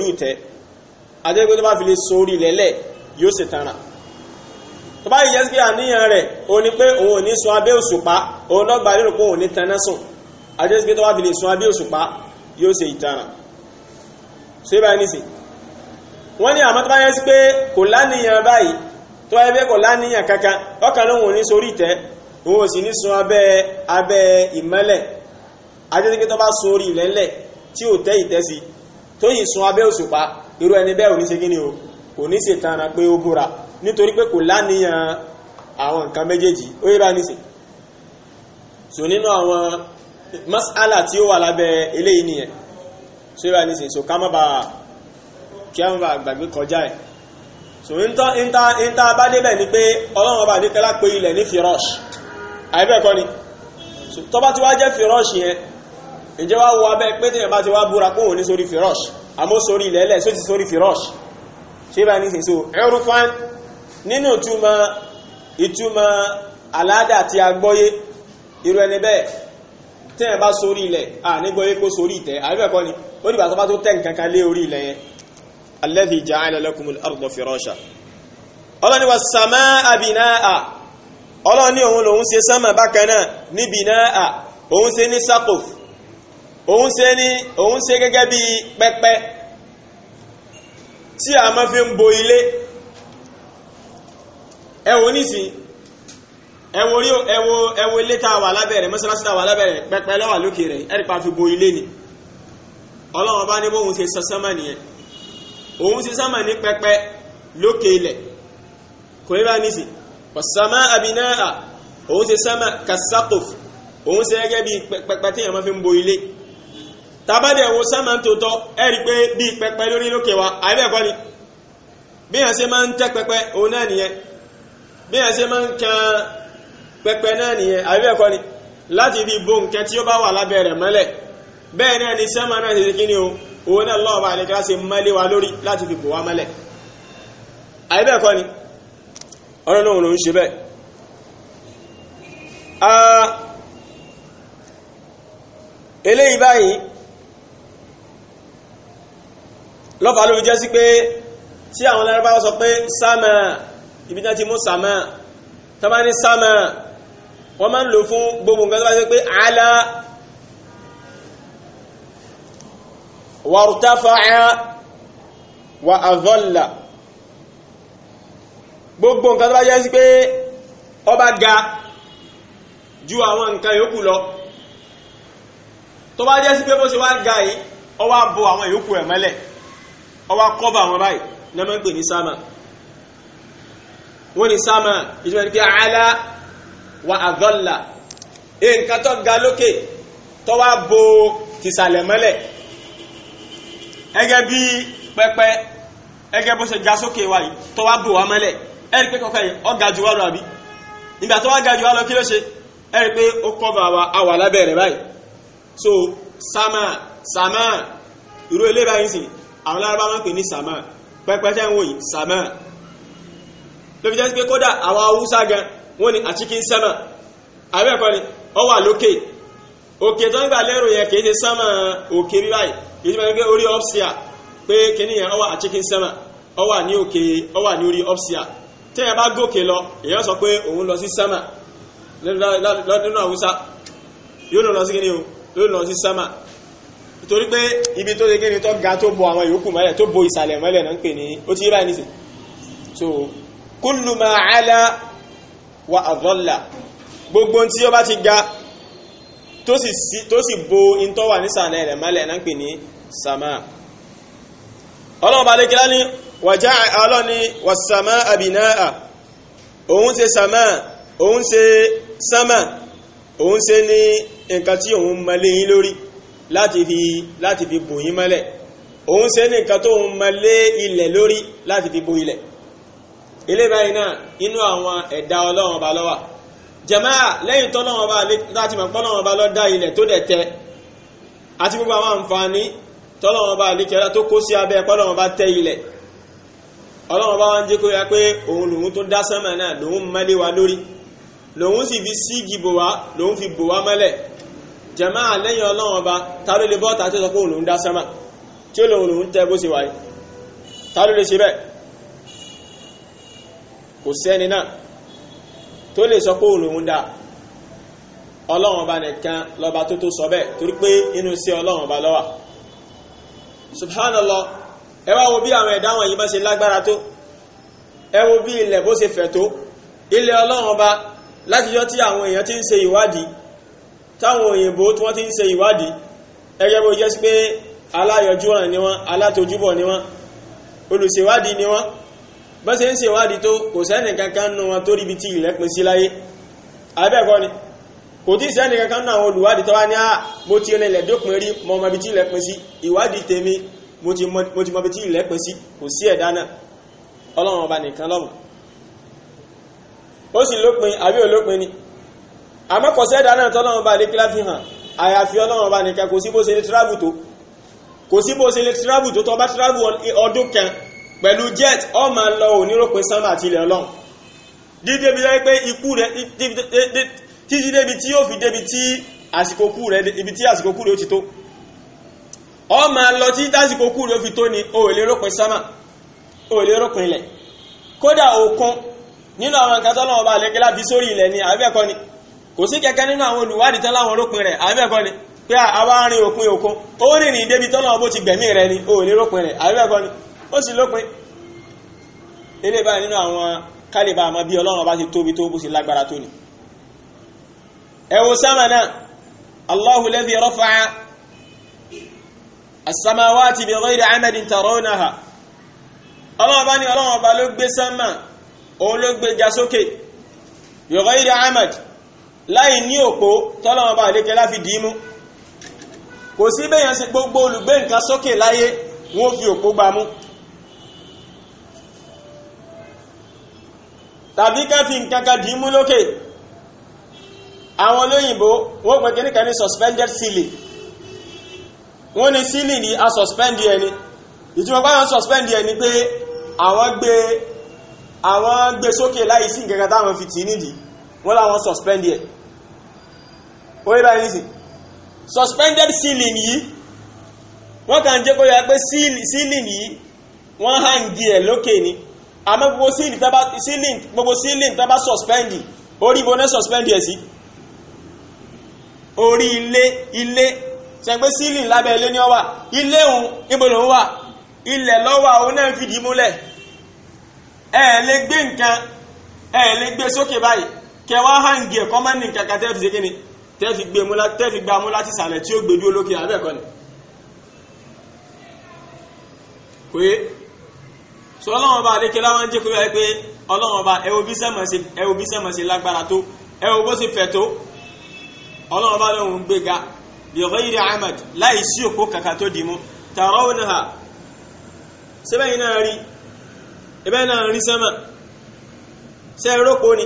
ilẹ̀ àjẹ́gbé tó bá fi lè sórí lẹ́lẹ̀ yóò sì tanra tó bá yẹ kí àníyàn rẹ̀ o ní pé òun ò ní sun abẹ́ òṣùpá òun náà gbà lérò pé òun ní taná sùn àjẹ́gbé tó bá fi lè sun abẹ́ òṣùpá yóò sì ìtanra ṣé báyìí nìsí wọ́n ní àmọ́ tó bá yẹ sí pé kò láníyàn báyìí tó bá yẹ pé kò láníyàn kankan ọkàn lóhun ní sórí ìtẹ́ òun ò sì ní sun abẹ́ abẹ́ ìmọ́lẹ̀ àjẹ́gbé tó bá sun orí ìlẹ́lẹ̀ tí ò tẹ́ ìtẹ́sí irú ẹni bẹ́ẹ̀ òní ṣe gíní o kò ní ṣe tààrà pé ó búra nítorí pé kò láníyàn àwọn nǹkan méjèèjì ó yíra níṣe so nínú àwọn mas'ala tí ó wà lábẹ́ eléyìí nìyẹn so yíra níṣe so ká má ba kí á má ba gbàgbé kọjá ẹ̀ so níta bá débẹ̀ ni pé ọlọ́run ọba àdékẹ́lá pé ilẹ̀ ní firosh àìbẹ́ẹ̀kọ́ ni tó bá ti wá jẹ́ firosh yẹn ǹjẹ́ wá wo abẹ́ pé tí yẹn bá ti wá búra kóhùn ní sórí firosh àmọ́ sórí ilẹ̀ẹ́lẹ̀ só ti sórí fìrọ́ṣì ṣe bá ní ṣe so ẹrùfán nínú ìtumọ̀ ìtumọ̀ aládà tí a gbọ́yé irú ẹni bẹ́ẹ̀ tí ẹ bá sórí ilẹ̀ à nígbọ́yé kó sórí ìtẹ́ àríbẹ̀kọ́ ni ó dìbà tó bá tó tẹ́ nǹkan kan lé orí ilẹ̀ yẹn alladhi ja'ala lakumul arda firasha ọlọ́ni wa òun ṣe ní òun ṣe gẹ́gẹ́ bí pẹpẹ tí a máa fi ń bo ilé ẹ wò nísìn ẹ wò rí ẹ wò ẹ wò ilé tá a wà lábẹ́rẹ̀ mọ́sálásí tá a wà lábẹ́rẹ̀ pẹpẹ ló lókè rẹ̀ ẹ̀rí fi bo ilé ni ọlọ́run bá ní bóun ṣe sọ́sánmà nìyẹn òun ṣe sánmà ní pẹpẹ lókè ilẹ̀ kò ní bá nísìn ọ̀sánmà àbínáà òun ṣe sánmà kasakof òun ṣe gẹ́gẹ́ bí pẹpẹ tí a máa fi ń bo ilé. tabadẹ wo sáma tó pé bí pẹpẹ lórí lókè wa àbẹ kọ ni bí yẹn ṣe máa ń tẹ pẹpẹ òun náà nìyẹn bí yẹn ṣe máa ń kan pẹpẹ náà nìyẹn ni láti fi bonkẹ tí ó bá wà náà ni náà kí o òun náà lọ́wọ́ báyìí ká wa lórí láti fi bò wá mọlẹ ni náà ń ṣe ah, eléyìí báyìí. lọ́fà ló jẹ́ sí pé tí àwọn lárúbáwá sọ pé sáàmà ibi náà ti mú sáàmà tó bá ní sáàmà wọ́n máa ń lò fún gbogbo nǹkan tó bá jẹ́ pé àlá wàrútàfàá wà àzọ́là gbogbo nǹkan tó bá jẹ́ sí pé ọba ga ju àwọn nǹkan yòókù lọ tó bá jẹ́ sí pé bó ṣe wá ga yìí ọwá bo àwọn yòókù ẹ̀ ọwá kọ́bà wọn báyìí náà máa ń pè ní sámà wọ́n ní sámà ìjọba ní pé àlá wa àdọ́là nǹkan tó ga lókè tó wá bo tìsàlẹ̀ mọ́lẹ̀ ẹgẹ́ bí pẹpẹ ẹgẹ́ bó ṣe ga sókè wa yìí tó wá bo wa pé kọ̀ọ̀kan yìí ó ga jù wá ìgbà tó wá ga jù kí ló ṣe ẹ̀rí pé ó kọ́bà wa àwà lábẹ́ rẹ̀ báyìí so sámà sámà ìró ilé báyìí sìn àwọn lárúbá máa ń pè ní sàmà pẹpẹ tẹ́ ń wò yìí sàmà ló fi jẹ́ pé kódà àwọn haúsá gan wọ́n ní àchíkí sẹ́mà ni ọ wà lókè òkè tó ń gbà lérò yẹn kì í ṣe sẹ́mà òkè rí báyìí kì í ṣe pé orí ọ́pṣíà pé kíní yẹn ọ wà àchíkí sẹ́mà ọ wà ní òkè ọ wà ní orí bá lọ èèyàn sọ pé òun lọ sí sẹ́mà nínú yóò lọ sí kíní o yóò lọ sí sẹ́mà nítorí pé ibi tó gẹ́gẹ́ ni tó ga tó bo àwọn yòókù mọ́lẹ̀ tó bo ìsàlẹ̀ mọ́lẹ̀ náà ń pè ní ó ti báyìí nìsín so kullu ma ala wa adalla gbogbo tí ó bá ti ga tó sì bo intọ́ wà nísàlẹ̀ rẹ̀ mọ́lẹ̀ náà ń pè ní sàmà ọlọ́run bá lékelá ní wàjá ọlọ́run ní wàsàmà àbínáà òun ṣe sàmà òun ṣe sàmà òun ṣe ní nǹkan tí òun mọ léyìn lórí láti fi láti fi bò yín mọ́lẹ̀ òun ṣe ní nǹkan tó ń mọ lé ilẹ̀ lórí láti fi bo ilẹ̀ ilé báyìí náà inú àwọn ẹ̀dá ọlọ́run ọba lọ́wà jàmáà lẹ́yìn tọ́lọ́run ọba láti mọ̀ pọ́lọ́run ọba ló dá ilẹ̀ tó dẹ̀ tẹ àti gbogbo àwọn àǹfààní tọ́lọ́run ọba àlékẹ́lá tó kó sí abẹ́ pọ́lọ́run ọba tẹ ilẹ̀ ọlọ́run ọba wọn jẹ́ kó yá pé òun lòun tó dá sánmà náà lòun mọ́lé wa lórí lòun sì fi sí ìgì bò lòun fi bò wá mọ́lẹ̀ jàmáà lẹ́yìn ọlọ́run ba ta ló lè bọ́ ta tí ó sọ pé òun ń dá sánmà tí ó lè òun ń tẹ bó ṣe wáyé ta ló lè ṣe bẹ́ẹ̀ kò sẹ́ni náà tó lè sọ pé òun ń dá ọlọ́run ọba nìkan lọ́ba tó tó sọ bẹ́ẹ̀ torí pé inú sí ọlọ́run ọba ló subhanallah ẹ wá wo bí àwọn ẹ̀dá wọ̀nyí bá ṣe lágbára tó ẹ wo bí ilẹ̀ bó ṣe fẹ̀ tó ilẹ̀ ọlọ́run ọba látijọ́ tí àwọn èèyàn ti ń ṣe ìwádìí táwọn òyìnbó tí wọ́n ti ń ṣe ìwádìí ẹgẹ́ bó jẹ́ sí pé aláyọjú ọ̀ràn ni wọ́n alátojúbọ̀ ni wọ́n olùṣèwádìí ni wọ́n bọ́n ṣe ń ṣèwádìí tó kò sẹ́ni kankan nù wọn tó ríbi tí ilẹ̀ pín sí láyé abẹ́ẹ̀kọ́ ni kò tí sẹ́ni kankan nù àwọn olùwádìí tó wá ní bó ah, ti rìnlẹ̀ dópin rí mọ mọbi tí ilẹ̀ sí ìwádìí tèmi mo ti mọbi tí ilẹ̀ sí kò sí ẹ̀dá náà ọlọ́run ọba nìkan lọ́mọ ó sì lópin àbí olópin ni àmọ́ kò sẹ́dá náà tọ́lọ́run bá lè kílá fi hàn àyàfi ọlọ́run bá nìkan kò sí bó ṣe lè travel tó kò sí bó ṣe lè travel tó tọ́ bá travel ọdún kan pẹ̀lú jet ó máa lọ ònírópin sánmà àti ilẹ̀ ọlọ́run dídé bi láyé pé ikú rẹ títí débi tí yóò fi débi tí àsìkò kú rẹ ibi tí àsìkò kú rẹ ó ti tó ó lọ tí tásìkò kú rẹ ó fi tó ni ó lè rópin sánmà ó lè rópin ilẹ̀ kódà òkun nínú àwọn nǹkan tọ́lọ́run bá lè kílá fi sórí ilẹ̀ ni àbẹ́ẹ̀kọ́ ni kò sí kẹ̀kẹ́ nínú àwọn olùwádìí tán láwọn olópin rẹ̀ àbẹ́ẹ̀kọ́ ni pé àwa rìn òpin òkun ó rìn rìn débi tọ́lọ́ bó ti gbẹ̀mí rẹ̀ ni ó ní lópin rẹ̀ ni ó sì lópin ilé báyìí nínú àwọn kálíbà àmọ́ bí ọlọ́run bá ti tóbi tó bó sì lágbára tó ni ẹ wo sámà náà Allahu ladhi rafa'a as ọlọ́run bá ní ọlọ́run bi láì ní òpó tọ́lọ́wọ́n bá àdékẹ́ láfi dìímú kò sí bẹ́yàn sí gbogbo olùgbé nǹkan sókè láyé wọ́n fi òpó gbá mú tàbí ká fi nǹkan kan dìímú lókè àwọn olóyìnbó wọ́n pẹ̀ kíníkà ní suspended ceiling wọ́n ní ceiling ni a suspend ẹni ìtumọ̀ pé àwọn suspend ẹni pé àwọn gbé àwọn gbé sókè láì sí nǹkan kan táwọn fi tì nídìí wọ́n láwọn suspend yẹ oye báyìí nísìn suspended ceiling yìí wọ́n kàn jẹ́ kó yà pé ceiling yìí wọ́n hang ẹ̀ lókè ni àmọ́ gbogbo ceiling tá ceiling gbogbo ceiling tá bá suspend orí ibo náà suspend yẹ sí orí ilé ilé sẹ́gbẹ́ ceiling lábẹ́ ilé ni ó wà ilé òun ibo lòun wà ilẹ̀ lọ́wọ́ àwọn náà fìdí múlẹ̀ ẹ̀ lè gbé nǹkan ẹ̀ lè gbé sókè báyìí kẹwàá hangi ẹ̀kọ́ máa ní kankan tẹ́ fi ṣe kíni tẹ́ fi gba mú láti sàlẹ̀ tí ó gbèdú olókè àbẹ́ẹ̀kọ́ ni kò yé so ọlọ́run ọba àdékè láwọn jẹ́ kúrò pé ọlọ́run ọba ẹ wo bí sẹ́mọ̀ sí lágbára tó ẹ wo bó sì fẹ̀ tó ọlọ́run ọba lóhun gbé ga bi ghayri amad láì sí òpó kankan tó dìímú tarawnaha síbẹ̀ yìí náà rí ibẹ̀ náà rí sẹ́mọ̀ sẹ́ẹ̀ rókò ni.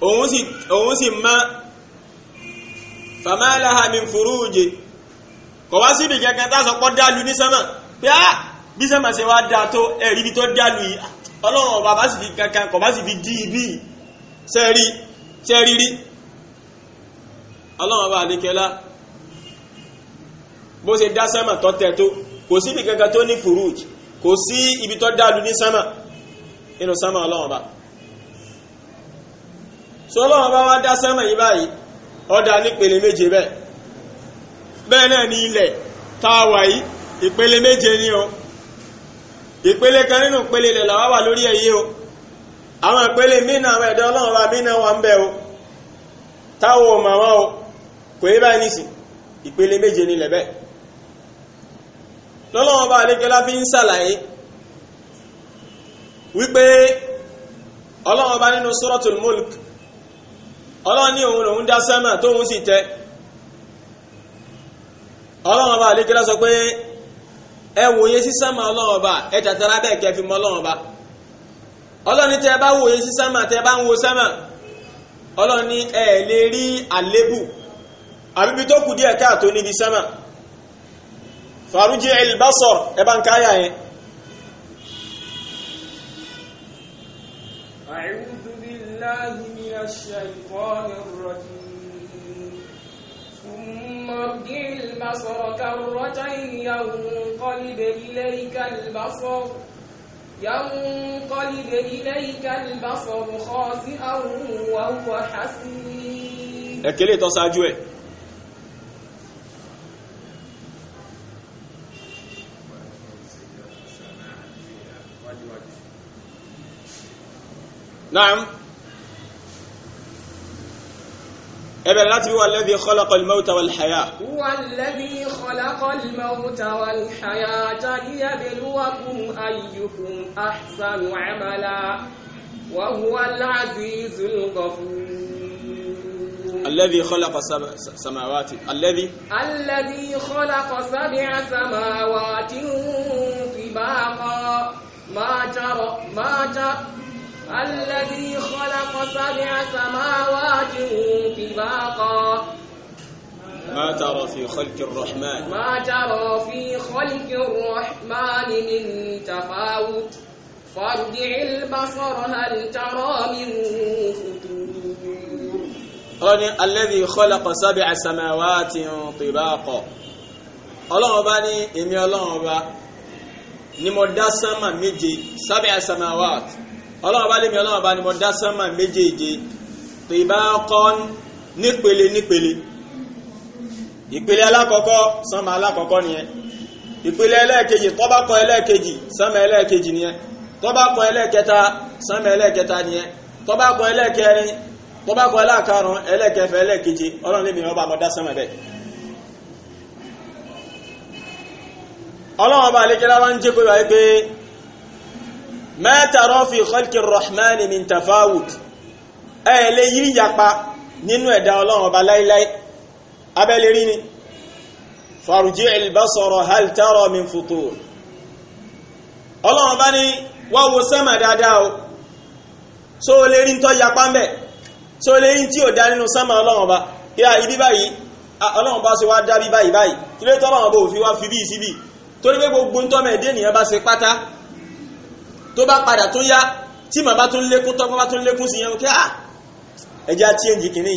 òun sì má fàmáláha min furuje kọ̀ wá síbi kankan tá a sọ pọ́ dálu ní sánmà pé á ah, bí sánmà ṣe wá dáa tó ẹ̀rí ibi tó dálu yìí ọlọ́run ọba bá sì fi kankan kọ̀ bá sì fi dí ibi sẹ́rí sẹ́rí rí ọlọ́run ọba àdékẹ́lá bó ṣe dá sánmà tó tẹ̀ tó kò síbi kankan tó ní furuj kò sí ibi tó dálu ní sánmà inú sánmà ọlọ́run ọba. sọlọ́wọ́n bá wá dá sánmà yìí báyìí ọ̀dà nípele méje bẹ́ẹ̀ bẹ́ẹ̀ náà ní ilẹ̀ tá ìpele méje ni o ìpele kan nínú ìpele wà lórí ẹ̀yẹ o àwọn ìpele mínà àwọn ẹ̀dá ọlọ́run bá wà ń o ò mà wọ́n o kò báyìí nìsín ìpele méje ni bá fi ń ṣàlàyé wípé ọlọ́run nínú ọlọ́run ní òun lòun dá sánmà tóun sì ẹ wòye sí sánmà ọlọ́run ọba ẹ tàtàrà bẹ́ẹ̀ kẹfì mọ́ ọlọ́run ọba ọlọ́run ní tẹ́ bá wòye sí tẹ́ bá ń ẹ lè rí àlébù àbíbi tó kù díẹ̀ káàtó níbi ẹ bá ń بالله من الشيطان الرجيم ثم ارجع البصر كرتين ينقلب إليك البصر ينقلب إليك البصر خاسئا وهو حسين نعم إذا الذي هو الذي خلق الموت والحياة هو الذي خلق الموت والحياة ليبلوكم أيكم أحسن عملا وهو العزيز الغفور الذي خلق سب... سماوات الذي الذي خلق سبع سماوات طباقا ما ترى ما ترى الذي خلق سبع سماوات طباقا ما ترى في خلق الرحمن ما ترى في خلق الرحمن من تفاوت فارجع البصر هل ترى من فتور الذي خلق سبع سماوات طباقا ọlọ́run ọba ní èmi ọlọ́run ọba ni mo dá sánmà méje sábẹ́ àsàmáwáàtì ọlọ́run bá lèmi ọlọ́run bá ní mo dá sánmà méjèèje tó ìbá kọ́ nípele nípele ìpele alákọ̀ọ́kọ́ sánmà alákọ̀ọ́kọ́ nìyẹn ìpele ẹlẹ́ẹ̀kejì tọ́bá kọ́ ẹlẹ́ẹ̀kejì sánmà ẹlẹ́ẹ̀kejì nìyẹn tọ́bá kọ́ ẹlẹ́ẹ̀kẹta sánmà ẹlẹ́ẹ̀kẹta nìyẹn tọ́bá kọ́ ẹlẹ́ẹ̀kẹrin tọ́bá kọ́ ẹlẹ́ẹ̀karùn ẹlẹ́ẹ̀kẹfẹ ẹlẹ́ẹ̀keje ọlọ́run lèmi ọba mo dá sánmà bẹ́ẹ̀ ọlọ́run ọba àlejò láwa ń jẹ́ pé wáyé pé ma tara fi khalqi rahmani min tafawud ẹ lè yí yapa nínú ẹ̀dá ọlọ́run ọba láíláí abẹ́lẹ̀ rí ni farji al-basara hal tara min futur ọlọ́run ọba ní wá wo sẹ́mà dáadáa o so o lè rí tọ́ yapa ń bẹ̀ so o lè rí tí ò dá nínú sẹ́mà ọlọ́run ọba kí a ibi báyìí ọlọ́run ọba ṣe wá dá báyìí báyìí kí ló ọlọ́run ọba ò fi wá fi bí síbi torí gbogbo ń tọ́ bá ṣe pátá tó bá padà tó yá tí màmá tó ń lékún tọ́gbọ́n bá tó ń lékún sí yẹn kí á ah, ẹja tí èjì kìíní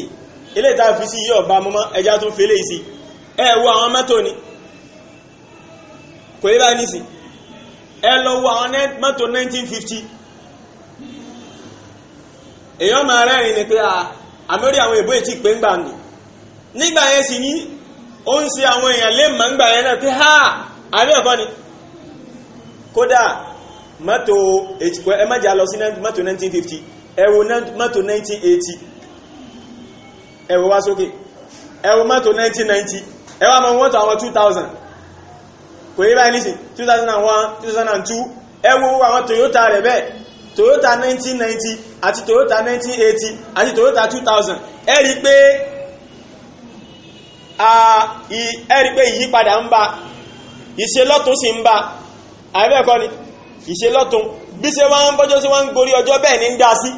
ilé ìta fi sí yíò bá mọ́mọ́ ẹja tó fẹ́lẹ̀ sí ẹ àwọn mọ́tò ni kò yẹ bá ní sí ẹ lọ wo àwọn mọ́tò 1950 èyàn máa rẹ́rìn ni pé ah, àmórí àwọn ìbò ètí pé ń gbà nù nígbà yẹn sì ní ó ń ṣe àwọn èèyàn lè mọ̀ ń gbà yẹn náà pé ha àbẹ́ ẹ̀kọ́ ni kódà mọ́tò ẹ má lọ sí mọ́tò 1950 ẹ wò 1980 ẹ wò wá sókè ẹ wò 1990 ẹ wá mọ́ mọ́tò àwọn 2000 kò yí báyìí 2001 2002 ẹ wò àwọn Toyota rẹ̀ bẹ́ẹ̀ Toyota 1990 àti Toyota 1980 àti Toyota 2000 ẹ rí pé ẹ rí pé ìyípadà ń bá ìṣelọ́tún sí ń bá àbẹ́ẹ̀kọ́ ni ìṣe lọ́tún bí se wọ́n ń bọ́jọ́ sí wọ́n ń gorí ọjọ́ bẹ́ẹ̀ ní dá sí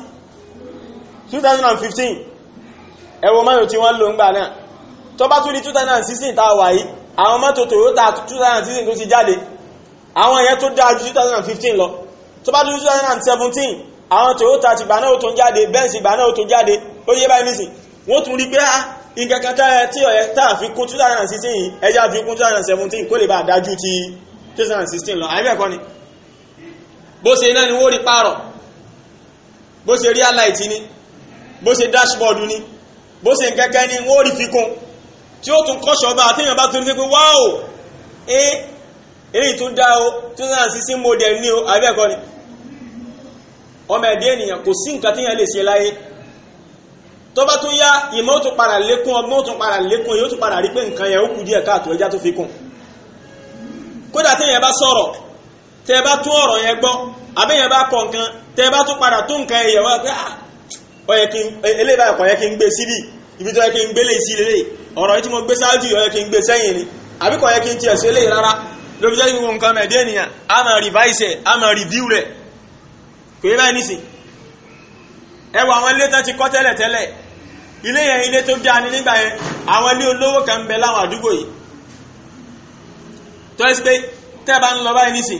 2015 ẹwọ márùn tí wọ́n lò ń gbà náà tó bá tún di 2016 tá a wà yìí àwọn mọ́tò Toyota 2016 tó ti jáde àwọn ìyẹn tó dáa 2015 lọ tó bá tún di 2017 àwọn Toyota ti gbà náà ó tó ń jáde Benz gbà náà ó tó jáde ó yé báyìí ah, fi kún 2016 yìí ẹjá fi 2017 kó lè bá dájú 2016 lọ àyẹ́bẹ̀ẹ́kọ́ ni bó ṣe iná ni wó rí pààrọ̀ bó ṣe rí aláìtì ni bó ṣe dashboard ni bó ṣe kẹ́kẹ́ ni wó rí fikún tí ó tún kọ́ṣọ́ bá àtẹ́yàn bá tún rí fikún wáò ẹ èyí tún dá o 2016 model ní o àbẹ́ẹ̀kọ́ ni ọmọ ẹ̀dẹ́ ènìyàn kò sí nǹkan téèyàn lè ṣe láyé tó bá tún yá ìmọ̀ ó tún padà lékún ọgbọ́n ó tún padà lékún yóò tún padà rí pé nǹkan yẹn ó kù díẹ̀ káàtó tó fi kún kódà bá sọ̀rọ̀ tẹ́ bá tún ọ̀rọ̀ yẹn gbọ́ àbẹ́yẹn bá kọ nǹkan tẹ́ bá tún padà tún nǹkan ẹ̀yẹ̀ wá pé ah, eléyìí báyìí kò yẹ kí n gbé síbí ibi tó yẹ kí n sí lélẹ̀ ọ̀rọ̀ yìí tí mo ni àbí yẹ kí n tiẹ̀ sí eléyìí rárá lóbi jẹ́ gbogbo nǹkan mẹ̀dé ènìyàn a máa revise a máa review rẹ̀ kò yẹ báyìí ẹ wọ àwọn ilé tán ti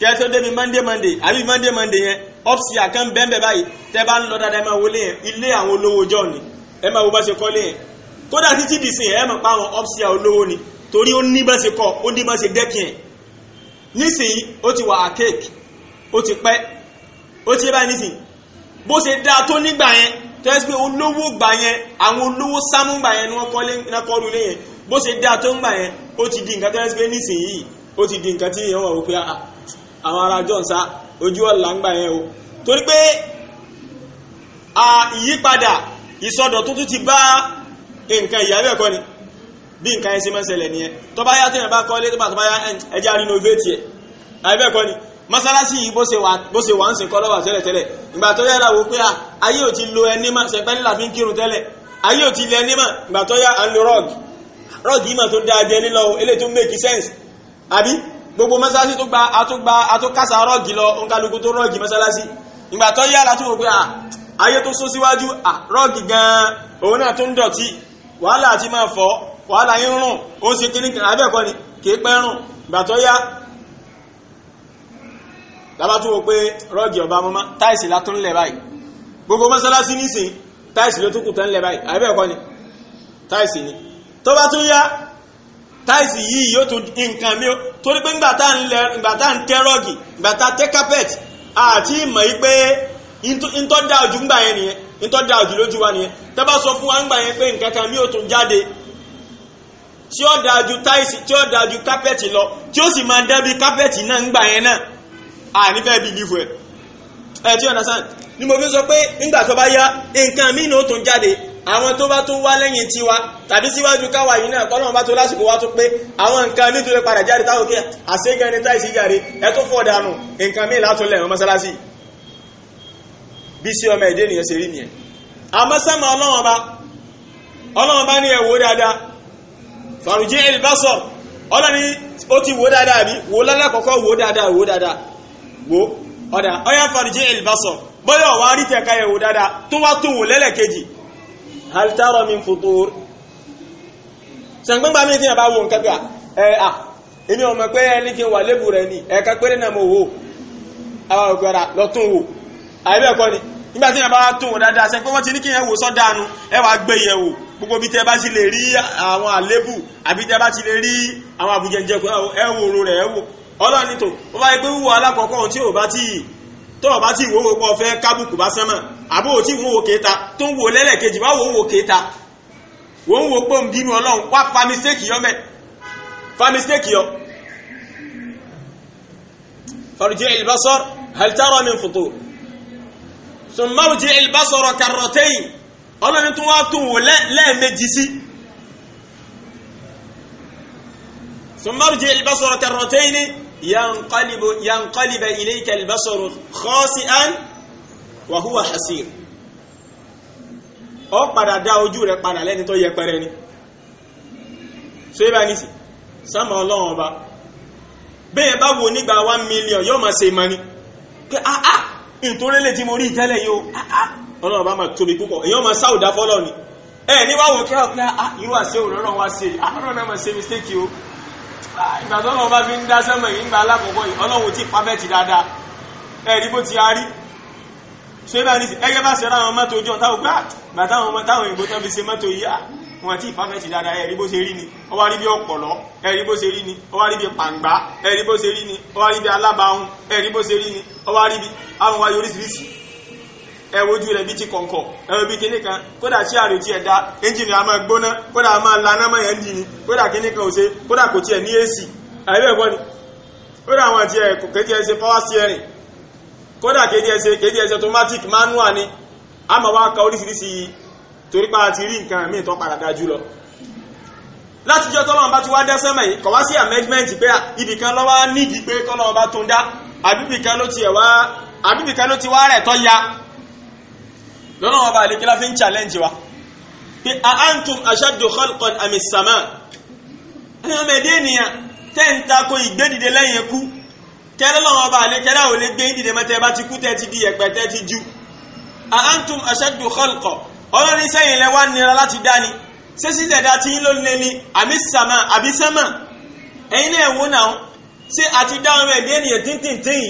kẹsàn-án débi mande monday àbí mande mande yẹn ọ́fíìsì àkàn bẹ́ẹ̀ báyìí tẹ́ bá ń lọ dáadáa ẹ máa wọlé yẹn ilé àwọn olówó jọ ni ẹ máa wo bá ṣe kọ́lé yẹn kódà títí di sìn ẹ máa pa àwọn ni torí ó ní bá ṣe kọ́ ó ní bá ṣe dẹ́kin yẹn nísìnyí ó ti wà ó ti pẹ́ ó ti bó ṣe dáa tó nígbà yẹn tó yẹ pé olówó gbà yẹn àwọn olówó sámú gbà yẹn ni àwọn ará jọ̀nsá ojú ọ̀la ń gbà yẹn o torí pé ìyípadà ìsọdọ̀ tuntun ti bá nǹkan ìyàwó ẹ̀kọ́ ni bí nǹkan ẹ̀ sí máa ń ṣẹlẹ̀ nìyẹn tó bá yá tẹ̀yìn bá kọ́ ilé tó bá tó bá yá ẹja rinovate ẹ̀ àìbẹ́ ẹ̀kọ́ ni mọ́sálásí yìí bó ṣe wà ń sìn kọ́ tẹ́lẹ̀ tẹ́lẹ̀ ìgbà tó yára wò pé ayé ò ti lo ẹni mọ́ ṣẹ̀pẹ́ nílà fi ń kírun tẹ́lẹ̀ ayé ò ti lo ẹni mọ́ ìgbà tó yá à ń lo rọ́ọ̀gì rọ́ọ̀gì yìí mà tó dáa jẹ nílọ eléyìí tó make sense àbí gbogbo mọ́sálásí tó gba àtúgba àtúkásá rọ́ọ̀gì lọ oníkálukú tó rọ́ọ̀gì mọ́sálásí ìgbà tó yára tó wò pé à ayé tó sún síwájú à rọ́ọ̀gì gan-an òun náà tó ń dọ̀tí wàhálà àti máa fọ́ wàhálà yín rùn ó ń ṣe kíní kan abẹ́ẹ̀kọ́ ni kìí pẹ́ rùn ìgbà tó yá lábá tó wò pé rọ́ọ̀gì ọba mọ́mọ́ táìsì látún lẹ̀ báyìí gbogbo mọ́sálásí nísìn táìsì ló tún kù tán lẹ̀ báyìí abẹ́ẹ̀kọ́ ni táìsì ni tó bá tún yá táìsì yìí yóò tún nǹkan mi torí pé ńgbà tá à ń tẹ́ carpet àti ìmọ̀ yìí pé ntọ́ da ojú yẹn nìyẹn ntọ́ da ojú lójú wa nìyẹn sọ fún wa yẹn pé nǹkan carpet lọ tí ó sì máa dàbí carpet náà ńgbà yẹn náà àní fẹ́ bí ẹ̀ ẹ̀ tí sàn ni mo fi sọ pé àwọn tó bá tún wá lẹ́yìn tiwa tàbí síwájú káwa yìí náà kọ́lọ́mù bá tó lásìkò wá tó pé àwọn nǹkan nítorí padà jáde táwọn kí àṣegàn ní táìsí jàre ẹ tó fọ́ dànù nǹkan míì látún lẹ̀ wọ́n mọ́sálásì bí sí ọmọ ẹ̀dẹ́ nìyẹn ṣe rí nìyẹn àmọ́ sẹ́mọ̀ ọlọ́wọ́n bá ọlọ́wọ́n bá ní ẹ̀ wò dáadáa fàrùjí elbasor ọlọ́ni ó ti wò dáadáa bí wò lálákọ̀ọ́kọ́ bọ́yọ̀ wá rí tẹ̀ka ẹ̀ wò tó wá tó wò lẹ́lẹ̀kejì hal tara min futur ṣàǹgbọ́ngbà mi ti yàn bá wo nǹkan bí i ẹ à èmi ọmọ pé ẹni kí n wà lébù rẹ ni ẹ̀ka péré náà mo awa àwọn òkú ọ̀rà lọ tún wò àìbẹ̀ kọ́ ni nígbà tí yàn bá tún wò dáadáa ṣe pé wọ́n ti ní kí yẹn wò sọ́dánù ẹ wàá gbé yẹn wò gbogbo bí tẹ bá ti lè rí àwọn àlébù àbí tẹ bá ti lè rí àwọn àbújẹjẹ ẹ wò ro rẹ ẹ wò ọlọ́ọ̀ni tó ó bá yẹ pé wíwò alákọ̀ọ́kọ́ tí ò bá tí tó ò bá tí ìwò gbogbo ọ̀fẹ́ kábùkù bá sánmà àbó ò tí ń wo kéta tó ń wo lẹ́lẹ́kejì wá wo ń wo kéta wọ́n ń wo pé ń bínú ọlọ́run wá fa mistake yọ mẹ́ fa mistake yọ. farji al-basar hal tara min futur thumma rji al ọlọ́run tó wá tó wò lẹ́ẹ̀mejì sí. thumma rji al-basara karratayn yanqalib yanqalib ilayka al-basaru khasi'an wàhúwà hasir ọ padà dá ojú rẹ̀ padà lẹ́ni tó yẹpẹrẹ ni so ibà ní sí sáàmà ọlọ́run ọba bẹ́ẹ̀ bá wo nígbà one million yóò máa ṣe ìmọ̀ ni pé àá ah, ah, ìtòrẹ́lẹ̀ tí mo rí ìtẹ́lẹ̀ yóò àá ah, ọlọ́run ọba máa tóbi púpọ̀ èyàn máa sáwùdá fọ́lọ́ ni ẹ ní wáwo kí ọ pé àá irú àṣẹ òrọ́rọ̀ wá ṣe àárọ̀ náà máa ṣe mistake o ìgbà tó ọlọ́run bá fi ń dá sẹ́mọ̀ yìí ń gba alákọ̀ọ́kọ́ yìí ọlọ́run ti pàbẹ́ẹ̀tì dáadáa ẹ ní bó ti a rí so ibà ní ẹgẹ́ bá ṣe ráwọn mọ́tò ojú ọ̀táwò gbá gbàtàwọn táwọn ìbò tán fi ṣe mọ́tò yìí wọn àti ìfàfẹ́sì dáadáa ẹ̀rí bó ṣe rí ni ó wá rí bí ọ̀pọ̀lọ́ ẹ̀rí bó ṣe rí ni ó wá rí bí pàǹgbá ẹ̀rí bó ṣe rí ni ó wá rí bí alábàáhùn ẹ̀rí bó ṣe rí ni ó wá rí bí àwọn wáyé oríṣiríṣi ẹ wojú rẹ̀ bí ti kọ̀ǹkọ̀ ẹ wo bí kinní kan kódà tí àrò tí ẹ̀ da ẹ́ńjìnì a máa gbóná kódà a máa laná mọ́ yẹn dìní kódà kinní kan ò ṣe kódà kò tiẹ̀ ní èsì àyẹ̀wò ẹ̀kọ́ ni kódà àwọn àti ẹ̀ kò kẹ́tì ẹ̀ ṣe power steering kódà kéde ẹsẹ kéde ẹsẹ automatic manual ni a máa wá ka oríṣiríṣi torí pa àti rí nǹkan míì tó padà dájú lọ láti jọ tọ́lọ́run bá ti wá dá sẹ́mọ̀ yìí kò wá sí amendment pé ibìkan ló wá nídìí pé kọ́lọ́run bá tún dá àbíbìkan ló ti ẹ̀ wá ló ti wá rẹ̀ tọ́ ya lọ́nà ọba àlekílá fi ń challenge wa pé a antum ashaddu khalqan amis sama ẹni ọmọ ẹdẹ ènìyàn tẹ́ ń takò ìgbédìde lẹ́yìn ikú kẹ́lẹ́ lọ́wọ́ ọba àlẹ́ kẹ́lẹ́ àwọn olè gbé ìdìdè mẹ́tẹ́ bá ti kú tẹ́ ti di ẹ̀pẹ́ tẹ́ ti ju a antum ashaddu khalqa ọlọ́ni sẹ́yìn lẹ́wà nira láti dání sẹ́sí tẹ̀dá tí ń ló lé ní àmì sàmà àbí sẹ́mà ẹ̀yin náà wò náà ṣé àti dá ọmọ ẹ̀dí ènìyàn tíntìntín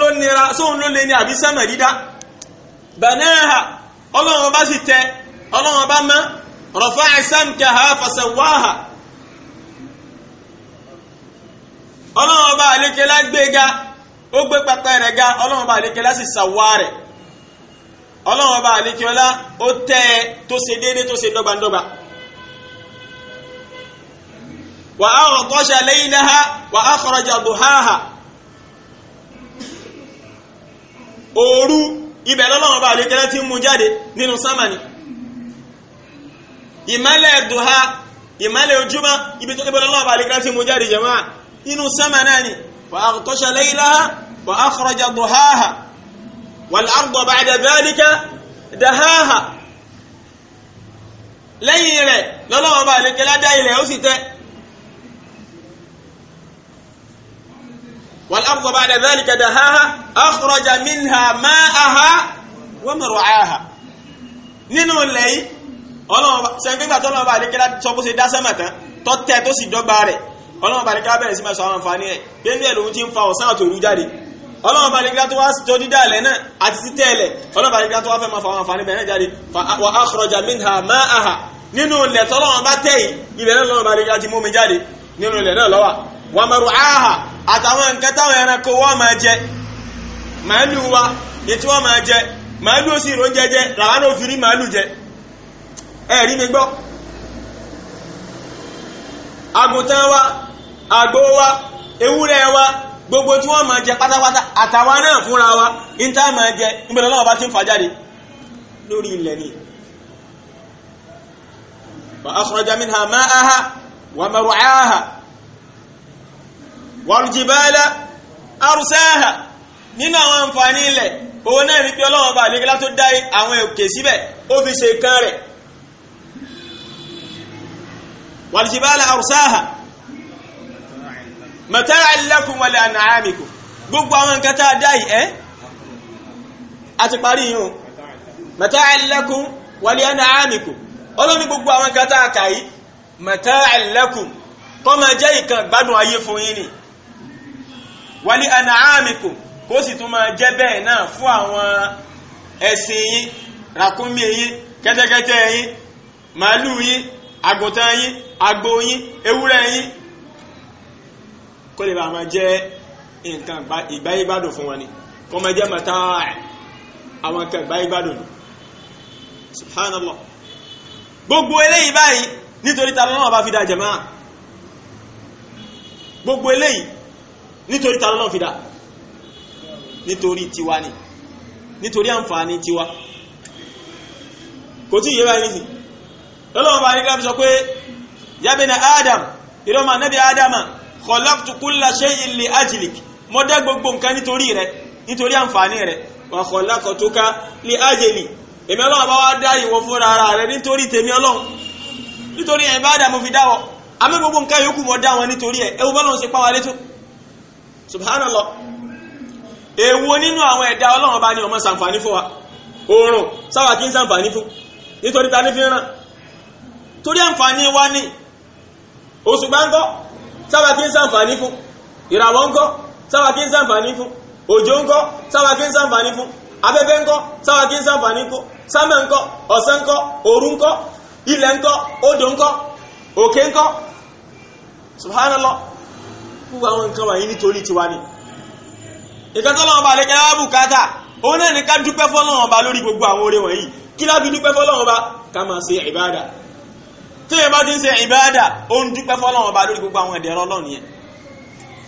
ló nira sóun ló lé àbí sẹ́mà dídá banaha ọlọ́run ọba sì tẹ ọlọ́run ọba mọ́ rafa'a samkaha fasawaha ọlọ́run ọba àlékelá gbéga ó gbé pátá rẹ̀ ga ọlọ́run ọba àlékelá sì sàwá rẹ̀ ọlọ́run ọba àlékelá ó tẹ́ ẹ tó ṣe déédé tó ṣe dọ́gbandọ́gba. wà á rọ̀kọ́ṣà laylaha wà á kharaja duhaha òru ibẹ̀ lọ́lọ́run ọba àlékelá ti mú jáde nínú sámánì ìmálẹ̀ duha ìmálẹ̀ ojúmọ́ ibi tó kébọ́ lọ́lọ́run ọba àlékelá ti mú jáde jàmáà inú sánmà náà ni fa aghtasha laylaha fa akhraja duhaha wal arda ba'da dhalika dahaha lẹ́yìn rẹ̀ lọ́lọ́wọ́ bá àlejò ládá ilẹ̀ ó sì tẹ́ wal arda ba'da dhalika dahaha akhraja minha ma'aha wa mar'aha nínú ilẹ̀ yìí ọlọ́wọ́ sẹ́ńgbẹ́gbà tọ́lọ́wọ́ bá àlejò ládá sọ bó ṣe dá sánmà tán tọ́tẹ́ tó sì dọ́gba rẹ̀ ọlọ́run bá ní ká bẹ̀rẹ̀ sí máa sọ àwọn àǹfààní ẹ̀ pé ń bẹ̀ lòun ti ń fa ọ̀sán àtòru jáde ọlọ́run bá ní ká tó wá tó dídá ẹ̀lẹ̀ náà àti títẹ́ ẹ̀lẹ̀ ọlọ́run bá ní ká tó wá fẹ́ máa fa àwọn àǹfààní bẹ̀rẹ̀ jáde wà á kọrọjà minha ma'aha nínú ilẹ̀ tọ́lọ́run bá tẹ̀ yìí ilẹ̀ náà lọ́run bá ní wa àgbò wa ewúrẹ́ wa gbogbo tí wọ́n máa jẹ pátápátá àtàwa náà fúnra wa ní tá a máa jẹ níbẹ̀rẹ̀ lọ́wọ́ bá ti ń fà jáde lórí ilẹ̀ ni. wa akhraja minha ma'aha wa mar'aha wal jibala arsaha nínú àwọn àǹfààní ilẹ̀ owó náà ní pé ọlọ́wọ́ bá àlékelá tó dá àwọn òkè síbẹ̀ ó fi ṣe kan rẹ̀ wal jibala arsaha. mata'an lakum wa li gbogbo àwọn nǹkan tá a dá yìí ẹ́ a ti parí yìí o mata'an lakum wa li an'amikum ọlọ́ni gbogbo àwọn nǹkan tá a kà yìí mata'an lakum kó máa jẹ́ ìkan gbádùn ayé fún yín ni wa li kó sì tún máa jẹ́ bẹ́ẹ̀ náà fún àwọn ràkúnmí kẹ́tẹ́kẹ́tẹ́ màálù kó lè bàa máa jẹ́ nǹkan ìgbáyégbádùn fún wọn ni kó máa jẹ́ mọ̀tá àwọn nǹkan ìgbáyégbádùn subhanallah gbogbo eléyìí báyìí nítorí ta lọ́nà bá fi dá jẹ̀má gbogbo eléyìí nítorí ta lọ́nà fi dá nítorí tiwa ni nítorí àǹfààní tiwa kò tí yé báyìí nìyí lọ́lọ́wọ́ bá nígbà sọ pé yábẹ̀nà adam ìrọ́mà nẹ́bí adama khalaqtu kulla shay'in li ajlik mo dá gbogbo nǹkan nítorí rẹ nítorí àǹfààní rẹ wa khalaqtuka li ajli èmi ọlọ́run bá wá dá ìwọ fúnra ara rẹ nítorí tèmi ọlọ́run nítorí ẹ̀ bá dà mo fi dáwọ́ àmì gbogbo nǹkan yòókù mo dá wọn nítorí ẹ̀ ewu bọ́lọ́run ṣe páwa létò subhanallah èwo nínú àwọn ẹ̀dá ọlọ́run bá ní ọmọ sàǹfààní fún wa oòrùn sáwà kí n sàǹfààní fún nítorí ta ní fi ràn torí àǹfààní wa ní oṣù gbáńgọ́ sábà kí ń sàǹfààní fún ìràwọ̀ ńkọ́ sábà kí ń sàǹfààní fún òjò ńkọ́ sábà kí ń sàǹfààní fún abẹ́fẹ́ ńkọ́ sábà kí ń sàǹfààní fún sámẹ̀ ńkọ́ ọ̀sán ńkọ́ òru ńkọ́ ilẹ̀ ńkọ́ odò ńkọ́ òkè ńkọ́ subhanallah gbogbo àwọn nǹkan wọ̀nyí nítorí tiwa ni ìkẹtọ́lọ́wọ́n ba lè jẹ́ bùkátà òun náà ní ká dúpẹ́ fọ́lọ́wọ́n ba lórí gbogbo àwọn oore wọ̀nyí kí lábí dúpẹ́ fọ́lọ́wọ́n ba ká máa ṣe ìbáàdà téèyàn bá ti ń ṣe ìbáàdà ó ń dúpẹ́ fọlọ́run ọba lórí gbogbo àwọn ẹ̀dẹ̀rọ ọlọ́run yẹn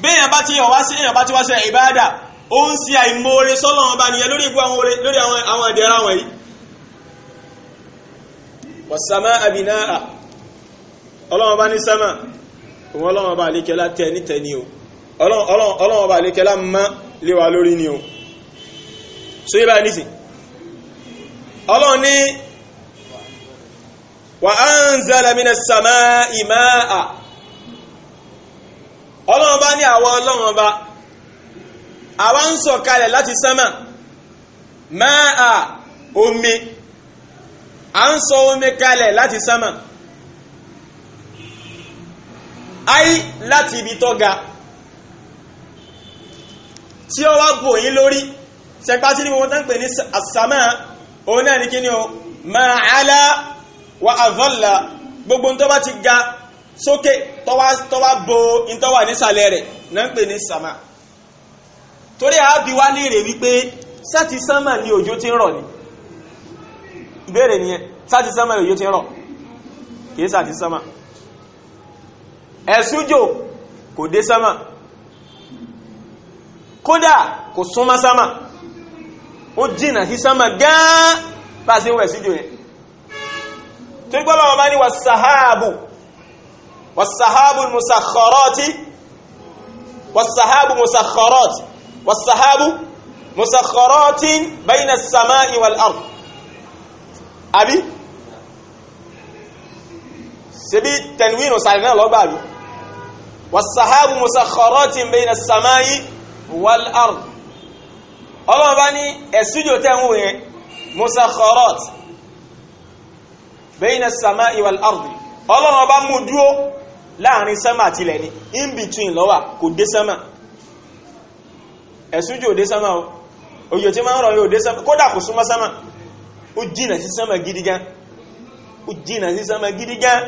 béèyàn bá ti wá sí èèyàn bá ti wá ṣe ìbáàdà ó ń ṣe àìmoore sọ́lọ́run ọba nìyẹn lórí gbogbo àwọn ẹ̀dẹ̀rọ àwọn yìí. wàsàmá àbínáà ọlọ́run ọba ní sẹ́mà òun ọlọ́run ọba àlékẹ́lá tẹ nítẹ̀ni o ọlọ́run ọba àlékẹ́lá mọ́ lé wa lórí ni o. so yíba wa anzala minas samaa'i ma'a ọlọ́run bá ní àwọn ọlọ́run bá àwa ń sọ kalẹ̀ láti sánmà ma'a omi à ń sọ omi kalẹ̀ láti sánmà ayé láti ibi tó ga tí ó wá bò yín lórí ṣẹpá tí ní wọn tán pè ní àsámà òun náà ní kí ni o máa alá wa àvọ́là gbogbo tó bá ti ga sókè tó wá bo ìtọ́wà nísàlẹ̀ rẹ̀ náà ń pè ní sàmà torí àábí wá léèrè wípé sáti sánmà ni òjò ti ń rọ̀ ni ìbéèrè nìyẹn sáti sánmà ni òjò ti ń rọ̀ kìí sáti sánmà ẹ̀sújò kò dé sánmà kódà sama, súnmọ́ sánmà ó jìnà sí sánmà gán bá a ṣe ń wẹ̀ síjò yẹn torí pé ọlọ́wọ́ bá ní wàsáhábù wàsáhábù musakharati wàsáhábù musakharati wàsáhábù musakharati bayna as-samaa'i wal-ard àbí ṣebí tanwinu sàrẹ̀ náà lọ́gbà àbí wàsáhábù musakharati bayna as-samaa'i wal-ard ọlọ́wọ́ bá ní ẹ̀sùjò tẹ́ bayna samai wal ardi ọlọ́run ọba mú dúró láàrin sánmà àti ilẹ̀ ni in between lọ́wà kò dé sánmà ẹ̀sùn jò dé sánmà o òyò tí máa ń rọ̀ yóò dé sánmà kódà kò súnmọ́ sánmà ó jìnà sí sánmà gidi gan ó jìnà sí sánmà gidi gan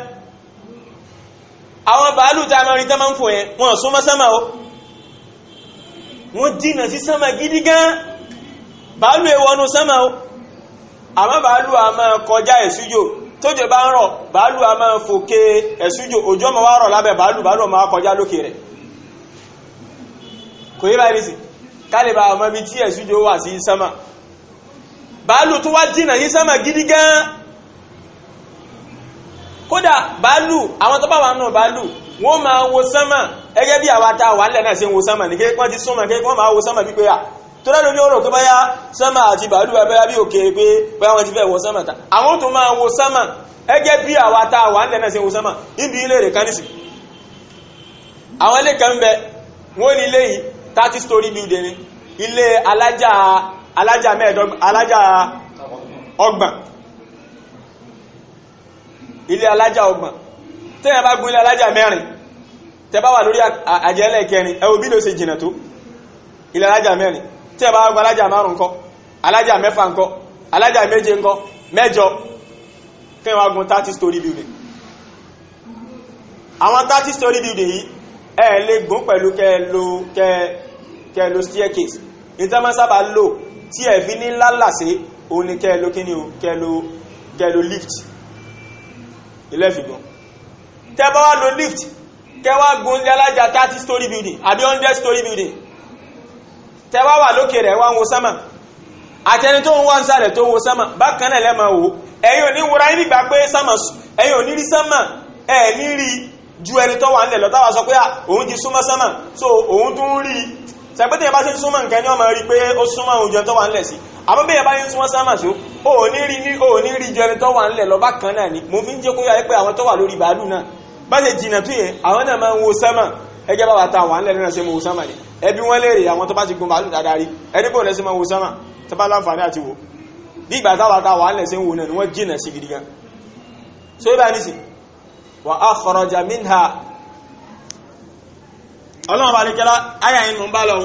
àwọn bàálù tá a máa rí tá ń fò yẹn wọn súnmọ́ sánmà o wọ́n jìnà sí sánmà gidi bàálù ewọ́nu sánmà o àmọ́ bàálù a máa kọjá ẹ̀sùn jò tójò bá ń rọ̀ bàálù a máa fòkè ẹ̀sújò òjò ọmọ wá rọ̀ lábẹ́ bàálù bàálù ọmọ akọjá lókè rẹ̀ kò yí báyìí sí kálíbà ọmọ ibi tí ẹ̀sújò wà sí sánmà bàálù tó wá jìnà yí sánmà gidi gan kódà bàálù àwọn tó bá wà nù bàálù wọ́n máa wo sánmà ẹgẹ́ bí àwa ta wà náà ṣe ń wo sánmà ní kéèkwọ́n ti máa wo sánmà bí pé tó lẹ́nu ní ọ̀rọ̀ tó báyá sánmà àti bàálù báyá bí òkè pé báyá wọn ti fẹ́ wọ sánmà ta àwọn tó máa wo sánmà ẹgẹ́ bí àwa ta wà ń sí wo sánmà níbi ilé rẹ̀ kánísì àwọn ilé kan bẹ wọ́n ní ilé yìí thirty story building ni ilé alájà alájà mẹ́ẹ̀ẹ́dọ́gbọ̀n alájà ọgbọ̀n ilé alájà ọgbọ̀n tẹ́yà bá gun ilé alájà mẹ́rin tẹ́ bá wà lórí àjẹ́lẹ̀ kẹrin ẹ wo bí ló alájà mẹ́rin tí ẹ bá gbọ́ alájà márùn ńkọ́ alájà mẹ́fà ńkọ́ alájà méje ńkọ́ mẹ́jọ kí wọ́n gun 30 story building àwọn 30 story building yìí ẹ lè gùn pẹ̀lú kẹlò staircase ìtẹ́mọ́ sábà lò tí ẹ fi ní lálàsé òun ni kẹlò kíni o kẹlò lift ilẹ́fìgbọ́n tẹ́ bá wá lo lift kẹwàá gun alájà 30 story building àbí 100 story building tẹ́wá wà lókè rẹ̀ wá ń wo sánmà àtẹni tó ń wá ń sàlẹ̀ tó ń wo sánmà bákan náà lẹ́mọ̀ wò ẹ̀yin ò ní wúra yín nígbà pé sánmà ẹ̀yin ò rí sánmà ẹ̀ ní rí ju ẹni tó wà ń lẹ̀ lọ táwa sọ pé òun ti súnmọ́ sánmà so òun tún rí sẹ̀pẹ́tẹ̀ yẹn bá ṣe súnmọ́ nǹkan ní ọmọ rí pé ó súnmọ́ òun ju ẹni tó wà ń lẹ̀ sí àmọ́ bẹ́ẹ̀ bá yín súnmọ́ sánmà sí ó ní rí ju ẹni tó wà ń lẹ̀ lọ ni mo fi ń jẹ́ kó yára pé àwọn tó wà lórí bàálù náà bá ṣe jìnnà tó yẹn àwọn náà ni ẹbí wọ́n lè rí àwọn tó bá ti gun bàálù dáadáa rí ẹdígbò lẹ́sí mọ́ wo sánmà tó bá láǹfààní àti wo bí ìgbà táwàtà wà lẹ́sí wo náà ni wọ́n jìnà sí gidi gan so ibà ní sí wà á kharaja minha ọlọ́run bá nìkẹ́lá ayà yìí mú bá lọ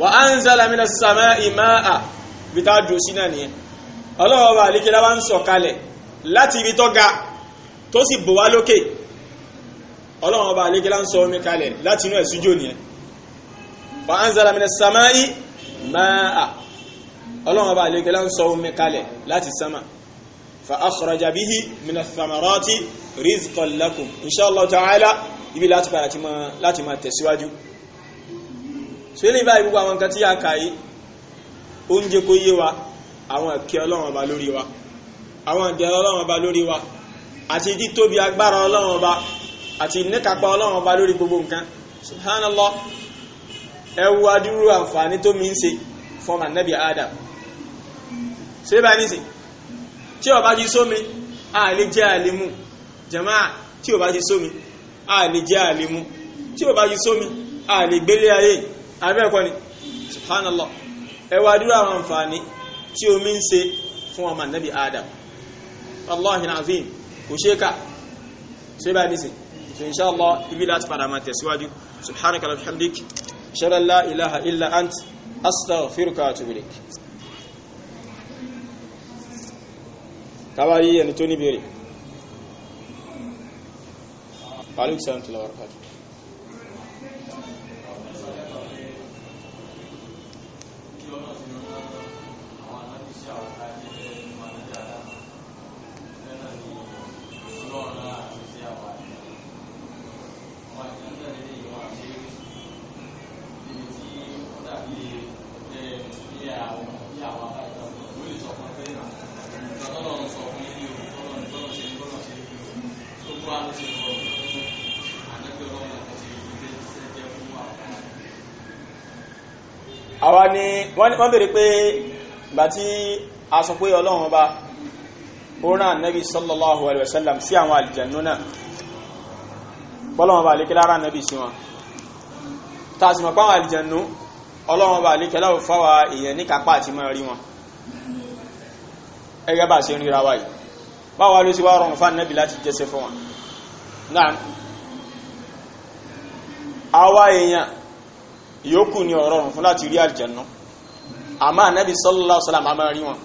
wà anzala minas samaa'i ma'a bí tá jò sí náà nìyẹn ọlọ́run bá nìkẹ́lá wá ń sọ̀kalẹ̀ láti ibi tó ga tó sì bò wá lókè ọlọ́run ọba àlékẹ́lá ń sọ omi kalẹ̀ láti inú ẹ̀sùn jò nìyẹn wa anzala minas samai máa ọlọ́run ọba àlékẹ́lá ń sọ omi kalẹ̀ láti sama fa akhraja bihi minas samarati rizqan lakum insha Allah ta'ala ibi láti padà láti máa tẹ̀síwájú so ilé ìbáyìí gbogbo àwọn nǹkan tí a kà oúnjẹ kó yé wa àwọn ìkẹ́ ọlọ́run ọba lórí wa àwọn ìdẹ̀rọ ọlọ́run ọba lórí wa àti títóbi agbára ọlọ́run ọba àti ìníkàpá ọlọ́run ọba lórí gbogbo nǹkan subhanallah ẹ wo adúrú àǹfààní tó mi ń ṣe fún ànábì adam ṣe bá ní sí tí ó bá sómi a lè jẹ́ àlemú jàmáà tí ó bá sómi a lè jẹ́ àlemú tí ó bá sómi a lè gbélé ayé abẹ́ẹ̀kọ́ ni subhanallah ẹ wo adúrú àwọn àǹfààní tí omi ń ṣe fún ọmọ ànábì adam Allah azim kò ṣe é kà ṣe bá ní sí so inshallah ibi láti padà máa tẹ̀síwájú subhanaka wa bihamdik shalla la ilaha illa ant astaghfiruka wa atubu ilaik tabari ẹni tó ní bèrè. Aleykum salaam wa rahmatullahi wa barakatuh. wọ́n bèèrè pé ìgbà tí a sọ pé ọlọ́run ọba ó rán sallallahu alaihi wasallam sí àwọn àlìjẹ̀nú náà bọ́lọ́wọ́n bá lékẹ́ lára ànábì sí wọn ta sì mọ̀ páwọn àlìjẹ̀nú ọlọ́run bá lékẹ́ láwọ̀ fáwà èèyàn ní kápá àti máa rí wọn ẹgẹ́ bá ṣe ríra wáyìí báwa ló sì wá rọrùn fún ànábì láti jẹ́sẹ̀ fún wọn náà àwa èèyàn yòókù ni ọ̀rọ̀rùn fún láti rí àlìjẹ̀nú àmọ́ ànábì sallallahu alaihi wasallam àmọ́ rí wọn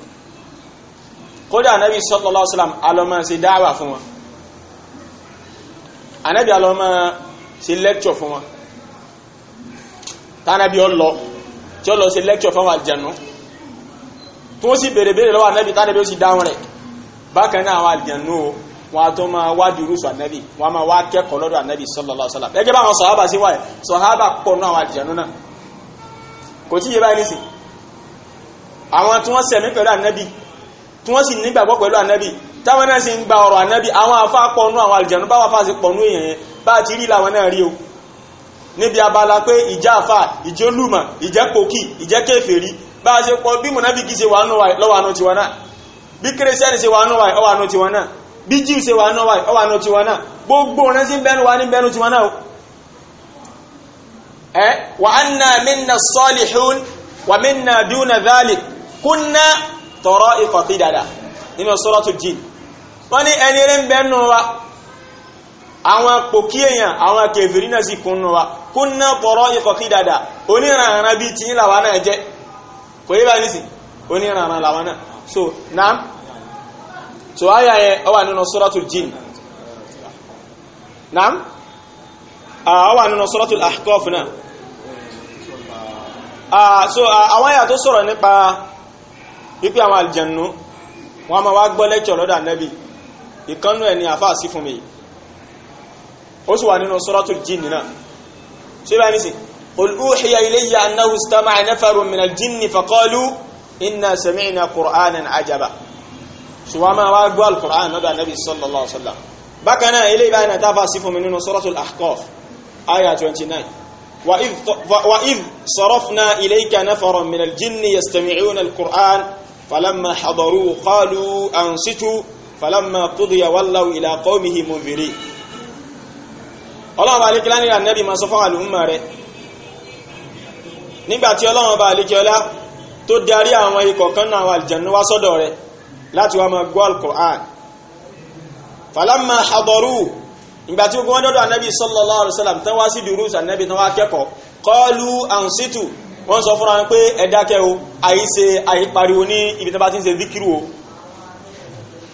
kódà ànábì sallallahu alaihi wasallam alọ́mọ́ ṣe dáwà fún wọn ànábì alọ́mọ́ ṣe lẹ́kṣọ̀ fún wọn tánàbí ọlọ tí ó lọ ṣe lẹ́kṣọ̀ fún wọn àlìjànú tó sì bèrè bèrè lọ́wọ́ ànábì tánàbí ó sì dáhùn rẹ̀ bákan náà àwọn àlìjànú o wọn a tó máa wá dùrúsù ànábì wọn a máa wá kẹ́kọ̀ọ́ lọ́dọ̀ ànábì sallallahu alaihi wasallam ẹgẹ́ bá àwọn sọ̀hábà sí wáyé sọ̀hábà pọ̀ náà àwọn àlìjànú náà kò tí yé báyìí nísìnyí àwọn tí wọ́n sẹ̀mí pẹ̀lú ànábì tí wọ́n sì nígbàgbọ́ pẹ̀lú ànábì táwọn náà sì ń gba ọ̀rọ̀ ànábì àwọn afá pọnú àwọn àlìjẹ̀nú báwọn afá sì pọnú èèyàn yẹn bá ti rí làwọn náà rí o níbi abala pé ìjà afá ìjólùmọ̀ ìjẹ́ pòkì ìjẹ́ kèfèrí bá a ṣe pọ bí mùnáfíkì ṣe wà ṣe wà lọ́wọ́ àánú tiwọn náà bí jíù wa ní bẹnu dhalik kúnná tọ̀rọ ikọ̀ tí dada nínú sọ́rọ̀tù jìn wọ́n ní ẹni rí ń bẹ nù wa àwọn pòkí èèyàn àwọn kèfèrí náà sì kún nù wa kúnná tọ̀rọ ikọ̀ tí dada oníranran bíi tí làwa náà jẹ́ kò yí bá nísì oníranran làwa náà so naam so àyà yẹn ó nínú sọ́rọ̀tù jìn naam ó nínú sọ́rọ̀tù Ahqaf náà so àwọn àyà tó sọ̀rọ̀ nípa wípé àwọn àlìjànú wọn máa wá gbọ́ lẹ́kṣọ̀ lọ́dọ̀ ànábì ìkánú ẹ̀ ni àfáà sí fún mi ó sì wà nínú suratul jinni náà ṣé bá ní sè qul uhiya ilayya annahu istama'a nafarun náà ilé ìbáyìí náà tábà sí fún mi nínú suratul ahqaf aya 29 وإذ, وإذ صرفنا إليك نفرا من الجن يستمعون فلما حضروه قالوا أنصتوا فلما قضي ولوا إلى قومه منذرين ọlọ́run bá alékẹ́ lánìí ànábì máa sọ fún àlùmọ́ rẹ̀ nígbàtí ọlọ́run bá alékẹ́ ọlá tó darí àwọn ikọ̀ kan náà àwọn àlìjànú wá sọ́dọ̀ rẹ̀ láti wá máa gbọ́ al-Qur'an falamma hadaru ìgbàtí ogun wọn dọ́dọ̀ ànábì sallallahu alaihi wasallam tán wá sí dùrúsù ànábì tán wá kẹ́kọ̀ọ́ qalu ansitu wọ́n sọ fúnra pé ẹ̀dákẹ́ o àìṣe àìpariwo ní ibi tó bá ti ń ṣe díkìrù o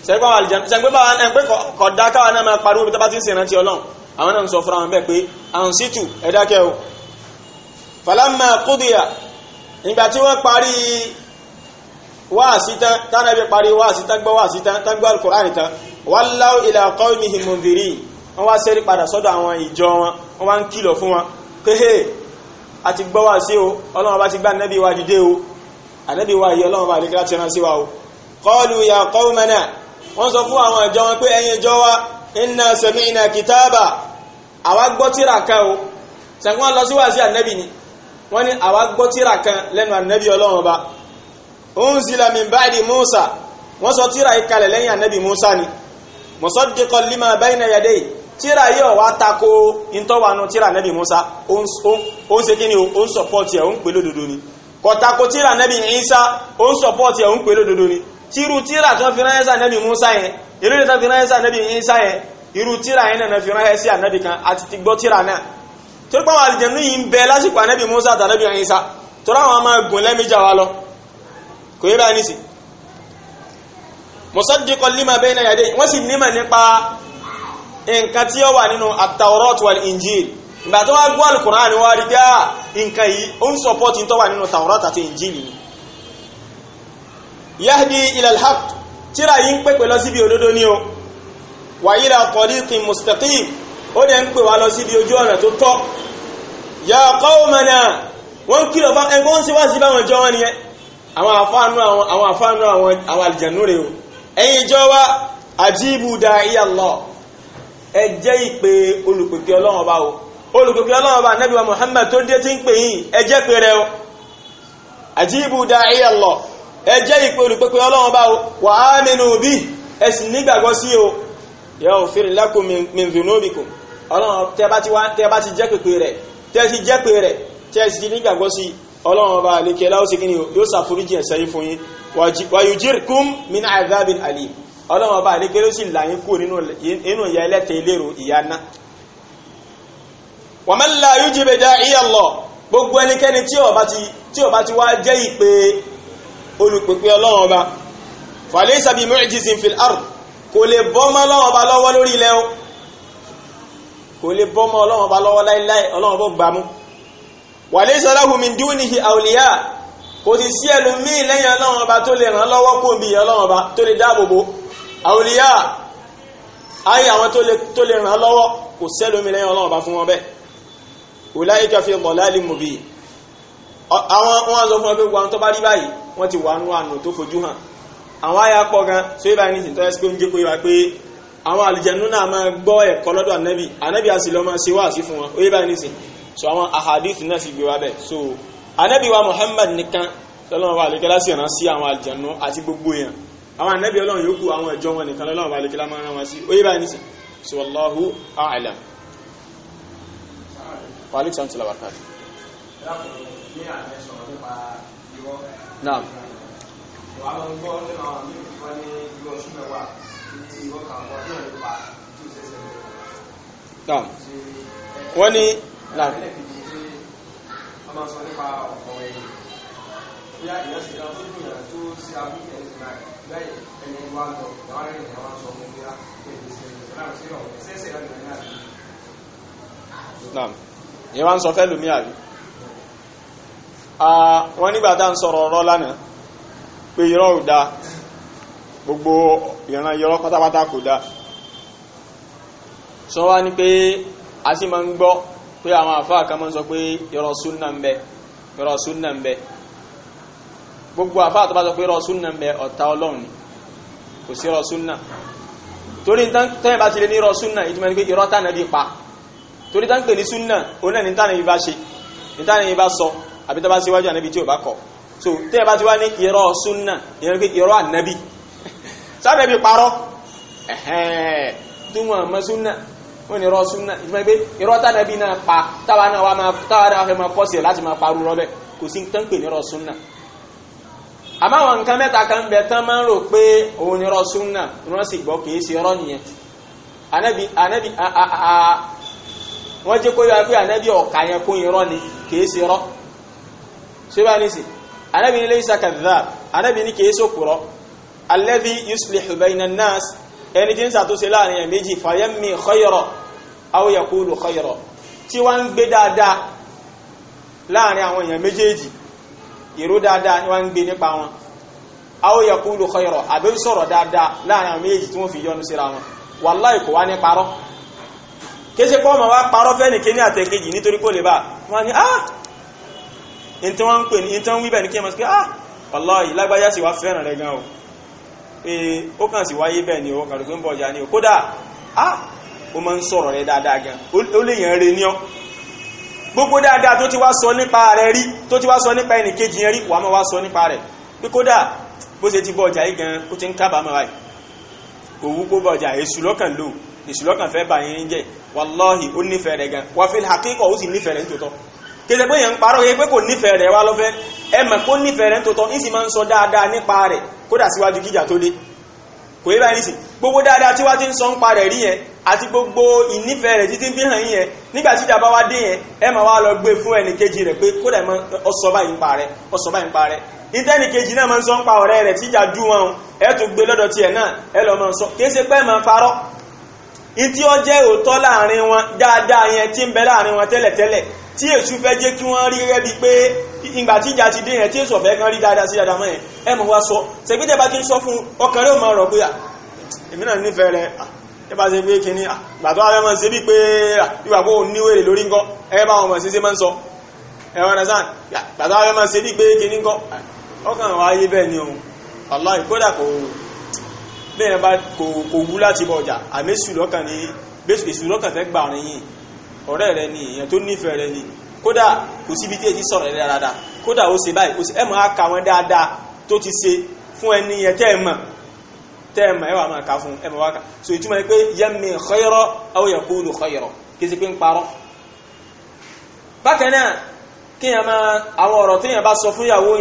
sẹ́gbẹ́ kọ̀dákáwà náà máa pariwo ibi tó bá ti ń ṣe ìrántí ọlọ́run àwọn náà sọ fúnra wọn bẹ́ẹ̀ pé àrùn sítù ẹ̀dákẹ́ o falamma kúdìyà ìgbà tí wọ́n parí wáàsí tán tánàbí ila qawmihim mundhirin wọ́n wá seri pada sọ́dọ̀ àwọn ìjọ wọn wọ́n wá ń kìlọ̀ fún wọn àti gbọ́wà sí o ọlọ́run bá ti gbá nẹ́bí wa dìde o ànẹ́bí wa yìí ọlọ́run bá lè kíláàtì ẹran sí wa o qalu ya qawmana wọ́n sọ fún àwọn ìjọ wọn pé ẹ̀yin ìjọ wa inna sami'na kitaba àwa gbọ́ tírà kan o sẹ̀kún lọ sí wà sí ànẹ́bí ni wọ́n ní àwa gbọ́ tírà kan lẹ́nu ànẹ́bí ọlọ́run ọba unzila min ba'di Musa wọ́n sọ tírà yìí kalẹ̀ lẹ́yìn ànẹ́bí Musa ni musaddiqan lima bayna yadayhi tira yi wá tako ìntọ́wànú tira nabi Musa o n ṣe kí ni ó ń sọpọ́tì ẹ̀ ó ni kọ̀tako tíra nẹ́bì Isa ó ń sọpọ́tì ẹ̀ o n pè dodo ni tiru tíra tó fi ránṣẹ́ sí Musa yẹn ìlú tó fi Isa yẹn irú yẹn kan àti ti gbọ́ tíra náà torí pàwọn àlìjẹ̀nú yìí ń bẹ lásìkò nabi Musa àtànẹ́bì Isa torí àwọn lẹ́mìjà wa lọ kò nǹkan tí ó wà nínú at-Tawrat wal-Injil ìgbà tó wá gbọ́ al-Qur'an wá rí pé à ah, nǹkan yìí ó ń sọpọ́tì tó wà nínú Tawrat àti Injil ni yahdi ila al-haq tíra yìí ń pèpè lọ síbi òdodo ni o wa ila tariqin mustaqim ó dẹ̀ ń pè wá lọ síbi ojú ọ̀nà tó tọ́ ya qawmana wọ́n kìlọ̀ bá ẹgbọ́n sí wá sí báwọn ìjọ wọn nìyẹn àwọn àfáànú àwọn àfáànú àwọn o ẹ̀yin ìjọ wa ajibu da'iya Allah ẹ jẹ́ ìpè olùpèkè ọlọ́run ọba o olùpèkè ọlọ́run ọba ànábì wa Muhammad tó dé tí ń pè yín ẹ jẹ́ pé rẹ o àjíìbù da'i Allah ẹ jẹ́ ìpè olùpèkè ọlọ́run ọba o wa aminu bi ẹ sì nígbàgbọ́ sí o yaghfir lakum min dhunubikum ọlọ́run tẹ́ bá ti wá tẹ́ bá ti jẹ́ pèpè rẹ̀ tẹ́ ti jẹ́ pè rẹ̀ tẹ́ sì nígbàgbọ́ sí ọlọ́run ọba àlekẹ́ láwọ́sí yóò ṣàforíjì ẹ̀ṣẹ̀ yín fún yín wa yujirkum ọlọ́run ọba àdéké ló sì làyín kú nínú ìyà ẹlẹ́tẹ̀ ìlérò ìyà ná wa man la yujib da'iya Allah gbogbo ẹnikẹ́ni tí ó bá ti tí ó bá ti wá jẹ́ ìpè olùpèpè ọlọ́run ọba falaysa bi mu'jizin fil ard kò lè bọ́mọ́ ọlọ́run ọba lọ́wọ́ lórí ilẹ̀ o kò lè bọ́mọ́ ọlọ́run ọba lọ́wọ́ láíláí ọlọ́run ọba gbàmú wa laysa kò sì sí ẹlòmíì lẹ́yìn ọlọ́run ọba tó lè ràn lọ́wọ́ kó bí ọlọ́run ọba tó lè dáàbòbò àwòlíyà ayé àwọn tó lè ràn lọ́wọ́ kò sẹ́lòmíì lẹ́yìn ọlọ́run ọba fún wọn bẹ́ẹ̀ ulaika fi dalalin mubin àwọn wọ́n sọ fún ọ pé gbogbo àwọn tó bá rí báyìí wọ́n ti wà nù àná tó fojú hàn àwọn àyà pọ̀ gan tó yẹ báyìí nìsín tó ń jẹ́ pé wá pé àwọn àlùjànnú náà máa gbọ́ ẹ̀kọ́ lọ́dọ̀ ànábì ànábì àsìlọ́ máa ṣe wáàsí fún wọn ó báyìí nìsín so àwọn ahadith náà sì gbé wa bẹ́ẹ̀ so anabi wa muhammad nìkan lọ́lọ́wọ́ bá àlékẹ́lá sì rán sí àwọn àlìjànú àti gbogbo èèyàn àwọn anabi ọlọ́run yòókù àwọn ẹ̀jọ́ wọn nìkan lọ́lọ́wọ́ bá àlékẹ́lá máa rán wọn sí oyè báyìí nìsín so wallahu a'lam wa alaikum salam wọ́n ní máa sọ nípa ọ̀pọ̀ ẹ̀yìn bóyá ìyẹn sì lọ tó gbìyànjú tó ṣe abúlé ẹ̀sìn náà lẹ́yìn ẹni wá lọ ìyàwó rẹ̀ ìyàwó sọ fún bóyá èdè ṣe ìṣẹ̀lẹ̀ sí ọ̀rọ̀ ṣẹ́ṣẹ̀ láti rẹ̀ náà. ìyẹn wá ń sọ fẹ́ lómi àbí wọ́n nígbà tá ń sọ̀rọ̀ ọ̀rọ̀ lánàá pé irọ́ ò da gbogbo ìran irọ́ pátápátá kò da sọ wá ní pé a sì máa ń gbọ́ pé àwọn àfáà kan mọ́ sọ pé irọ́ súnà ń bẹ irọ́ súnà ń bẹ gbogbo àfáà tó bá sọ pé irọ́ súnà ń bẹ ọ̀tá ọlọ́run ni kò sí irọ́ súnà torí tẹ́yìn bá ti lè ní irọ́ súnà ìtumọ̀ ni pé irọ́ tánà bí pa torí tán pè ní súnà òun náà ní tánà yìí bá ṣe ní tánà yìí bá sọ àbí tó bá síwájú ànábi tí ò bá kọ so tẹ́yìn bá ti wá ní irọ́ súnà ìyẹn pé irọ́ ànábi sábẹ́ bí parọ́ ẹ̀hẹ́n túmọ̀ mọ́ súnà wọ́n ní irọ́ súnà ìfúnmọ́ pé irọ́ tánàbí náà pa táwa náà wà máa táwa náà fẹ́ máa kọ́ sí ẹ̀ láti máa parú rọ́bẹ̀ kò sí tán pè ní irọ́ súnà àmọ́ àwọn nǹkan mẹ́ta kan ń tán máa ń rò pé òun ní irọ́ súnà wọ́n sì gbọ́ kìí ṣe irọ́ nìyẹn ànábì ànábì wọ́n jẹ́ kó yọ pé ànábì ọ̀kà yẹn kún irọ́ ni kìí ṣe irọ́ ṣé ní sí ànábì ní laysa kadhab ànábì ní kìí ṣòkùrọ́ alladhi yuslihu bayna an-nas ẹni tí ń ṣàtúnṣe láàrin ẹ̀ méjì fàyẹ́mì khayra aw yaqulu khayra tí wọ́n ń gbé dáadáa láàrin àwọn èèyàn méjèèjì ìró dáadáa ni wọ́n ń gbé nípa wọn aw yaqulu khayra àbí ń sọ̀rọ̀ dáadáa láàrin àwọn méjèèjì tí wọ́n fi yọnu síra wọn wàláì kò wá ní parọ́ kéṣe pọ́ ma wá parọ́ fẹ́ni ah! kí ní àtẹ́kejì nítorí kó lè bá wọ́n ni ah pé ó kàn sí wáyé bẹ́ẹ̀ ni ó kàrò ni ó kódà á ó máa ń sọ̀rọ̀ re dáadáa gan ó lè yàn re ní ọ gbogbo dáadáa tó ti wá sọ nípa rẹ̀ rí tó ti wá sọ nípa ẹnì kejì ri rí wàá máa wá sọ nípa rẹ̀ pé kódà ti bọ̀ yìí gan ti ń kábàámọ̀ báyìí kò wú kó bọ̀ esu èṣù lọ́kàn lò èṣù lọ́kàn fẹ́ bà yín wàláhì ó nífẹ̀ẹ́ rẹ̀ gan wàá fi hàkíkọ̀ ó kèsè pé yẹn ń parọ́ yẹ pé kò nífẹ̀ẹ́ rẹ̀ wá lọ́fẹ́ ẹ mọ̀ kó nífẹ̀ẹ́ rẹ̀ tòótọ́ ní sì máa ń sọ dáadáa nípa rẹ̀ kódà síwájú gíjà tó dé kò yẹ báyìí nísìn gbogbo dáadáa tí wá ti ń sọ ń pa rẹ̀ rí yẹn àti gbogbo ìnífẹ̀ẹ́ rẹ̀ títí fi hàn yín yẹn nígbà tí ìjà bá wá dé yẹn ẹ máa wá lọ gbé fún ẹnì kejì rẹ̀ pé kódà ọsọ báyìí ń pa rẹ̀ ọsọ báyìí ń pa rẹ̀ ìtẹ́nì kejì náà máa ń sọ ń pa ọ̀rẹ́ rẹ̀ tíjà dùn wọn ẹ tún gbé lọ́dọ̀ tiẹ̀ náà ẹ lọ máa ń sọ kì í ṣe pé máa parọ́ in ọ jẹ jẹ́ láàrin wọn dáadáa yẹn tí ń bẹ láàrin wọn tí èṣù fẹ jẹ kí wọ́n rí pé ìgbà tí ti dé yẹn tí èṣù ọ̀fẹ́ kan rí dáadáa sí dáadáa mọ́ yẹn ẹ wá sọ ṣègbè tẹ́ bá sọ fún ọkàn rẹ̀ ó máa èmi náà ẹ bá ṣe bí pé ìwà kó níwèrè lórí ẹ bá wọn máa ń sọ ẹ wọn sàn bí wa ni kódà kò bẹ́ẹ̀ bá kò wú láti bọ̀ ọjà àmésù lọ́kàn fẹ́ gbà rìn yìí ọ̀rẹ́ rẹ ni èèyàn tó nífẹ̀ẹ́ rẹ ni kódà kò síbi tí èyí sọ̀rọ̀ rẹ dáadáa kódà ó ṣe báyìí ó ṣe ẹ máa ka wọn dáadáa tó ti ṣe fún ẹni yẹn tẹ́ ẹ mọ̀ tẹ́ ẹ mọ̀ ẹ wà máa ka fún ẹ mọ̀ so ìtumọ̀ ni pé yẹmi khayra aw yaqulu khayra kì í ṣe pé ń parọ́. bákan náà kéèyàn máa àwọn ọ̀rọ̀ téèyàn bá sọ fún ìyàwó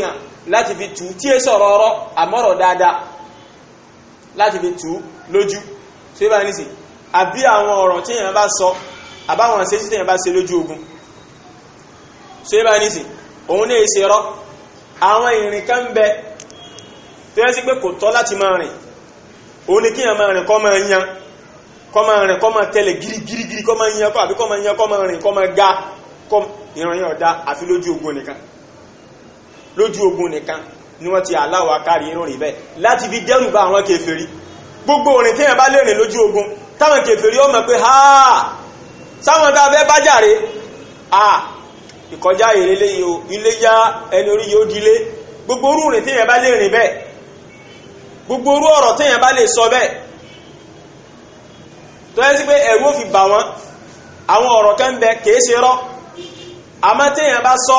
láti fi tù lójú tó bá ní sí àbí àwọn ọ̀rọ̀ tí èèyàn bá sọ àbáwọn ṣe tí èèyàn bá ṣe lójú ogun tó bá ní sí òun ní èsè rọ àwọn ìrìn kan bẹ tó yẹ sí pé kò tọ́ láti máa rìn òun ni kíyàn máa rìn kọ́ máa yan kọ́ máa rìn kọ́ máa tẹ̀lẹ̀ gírígírí kọ́ máa yan kọ́ àbí kọ́ máa yan kọ́ máa rìn kọ́ máa ga ìrìn yàn ọ̀dá àfi lójú ogun nìkan lójú ogun nìkan ni wọ́n ti aláwà kárí irun rìn bẹ́ẹ̀ láti fi dẹ́rù bá àwọn kèfèrí gbogbo orin téèyàn bá lè lójú ogun táwọn kèfèrí ó pé ha sáwọn tá a bá jàre a ìkọjá èrè léyìí o iléyá ẹni orí yóò dilé gbogbo orú rìn téèyàn bá lè rìn bẹ́ẹ̀ gbogbo orú ọ̀rọ̀ téèyàn bá lè sọ bẹ́ẹ̀ tó yẹ sí pé ẹ̀rù ó bà wọ́n àwọn ọ̀rọ̀ kan bẹ kèé ṣe rọ́ àmọ́ téèyàn bá sọ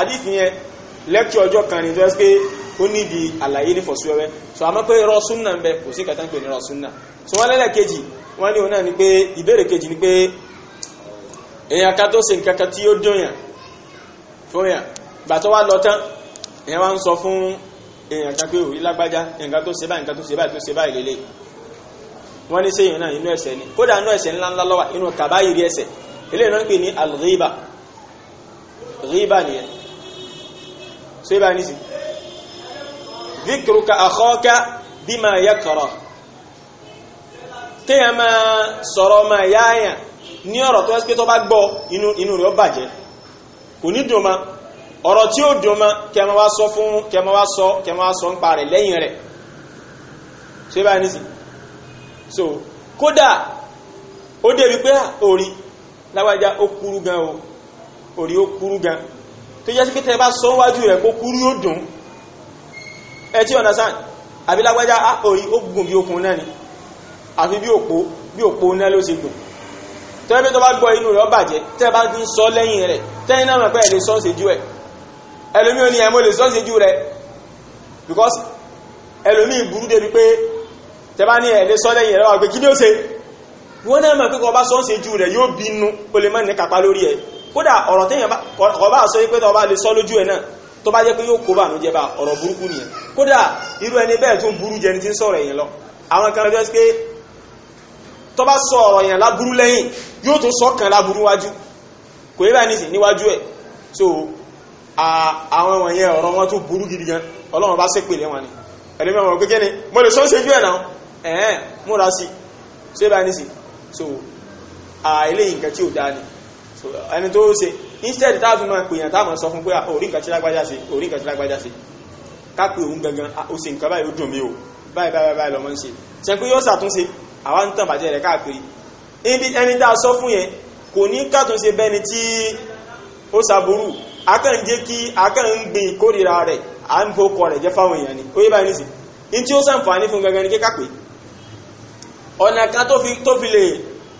àdìsí yẹn lẹ́kṣọ̀ ọjọ́ kan ní tó ẹ́ pé ó níbi àlàyé ní fọ̀síwẹ́wẹ́ so àmọ́ pé rọ súnà ń bẹ kò sí kàtà ní rọ so wọ́n lẹ́lẹ̀ kejì wọ́n ní òun náà ni pé ìbéèrè ni pé èèyàn ká tó ṣe nǹkan kan tí ó dùnyàn fún yàn gbà tó wá lọ tán èèyàn wá ń sọ fún èèyàn kan pé òrí lágbájá nǹkan tó ṣe báyìí nǹkan tó ṣe báyìí tó wọ́n ní sẹ́yìn náà inú ẹ̀ṣẹ̀ ni kódà inú ẹ̀ṣẹ̀ ńlá ńlá lọ́wà inú kàbáyìí rí ẹ̀ṣẹ̀ eléyìí ń pè ní al-ghiba nìyẹn so ibà ní sí dhikruka akhaka bima yakra kéèyàn máa sọ̀rọ̀ ọmọ ìyá àyàn ní ọ̀rọ̀ tó ẹ́sì pé tó bá gbọ́ inú rẹ̀ ó bàjẹ́ kò ní dùn ma ọ̀rọ̀ tí ó dùn ma kẹmọ wá sọ fún kẹmọ wá sọ kẹmọ wá sọ ń pa rẹ̀ lẹ́yìn rẹ̀ ṣé báyìí nìsí so kódà ó débi pé ah, orí láwájá ó kúrú gan o orí ó kúrú gan tó jẹ́ sí pé tẹ́ bá sọ wájú rẹ̀ kó kúrú yóò dùn ẹ tí ọ̀nà sáà àbí lágbájá ah, orí oh, ó gùn bí okùn náà ni àfi bí òpó bí òpó náà ló ṣe gùn tẹ́ bí tó bá gbọ́ inú rẹ̀ ó bàjẹ́ tẹ́ bá ti ń sọ lẹ́yìn rẹ̀ tẹ́yìn náà pẹ́ lè sọ́ọ̀sì ju ẹ̀ ẹlòmí ò ní ẹ̀mọ́ lè sọ́ọ̀sì ju rẹ̀ because ẹlòmí burú débi pé tẹ́ bá ní ẹ̀ lè sọ lẹ́yìn rẹ̀ wà pé kí ni ó ṣe wọ́n náà mọ̀ pé kọ́ bá sọ́ọ̀sì ju rẹ̀ yóò bínú ó lè má ní kápá kódà ọ̀rọ̀ téèyàn bá kò bá sọ pé tó bá lè sọ lójú ẹ̀ náà tó bá jẹ́ pé yóò kó bànújẹ́ bá ọ̀rọ̀ burúkú nìyẹn kódà irú ẹni bẹ́ẹ̀ tó ń burú jẹni tí ń sọ̀rọ̀ èèyàn lọ àwọn kan lọ́jọ́ pé tó bá so àwọn wọ̀nyẹn ọ̀rọ̀ wọn tó burú gidi gan ọlọ́run bá sépèlé wọn ni ẹ̀lẹ́mí ọmọ pé kíni mo lè sọ́ọ́ sejú ẹ̀ náà so yẹ báyìí nìsín so ò dáa ni ẹni tó ṣe instead táàtù máa pèèyàn táàmà sọ fún pé orí nǹkan tí lágbájá ṣe orí nǹkan tí lágbájá ṣe kápẹ òun gangan ó ṣe nǹkan báyìí ó dùn mí o báyìí báyìí báyìí lọmọ ń ṣe ṣe pé yóò ṣàtúnṣe àwa ń tàn bàjẹ́ rẹ̀ káàkiri ibi ẹni tá a sọ fún yẹn kò ní kàtúnṣe bẹ́ni tí ó ṣàbúrù akàn jẹ́ kí akàn ń gbin ìkórìíra rẹ̀ à ń fò kọ rẹ̀ jẹ́ fáwọn èèyàn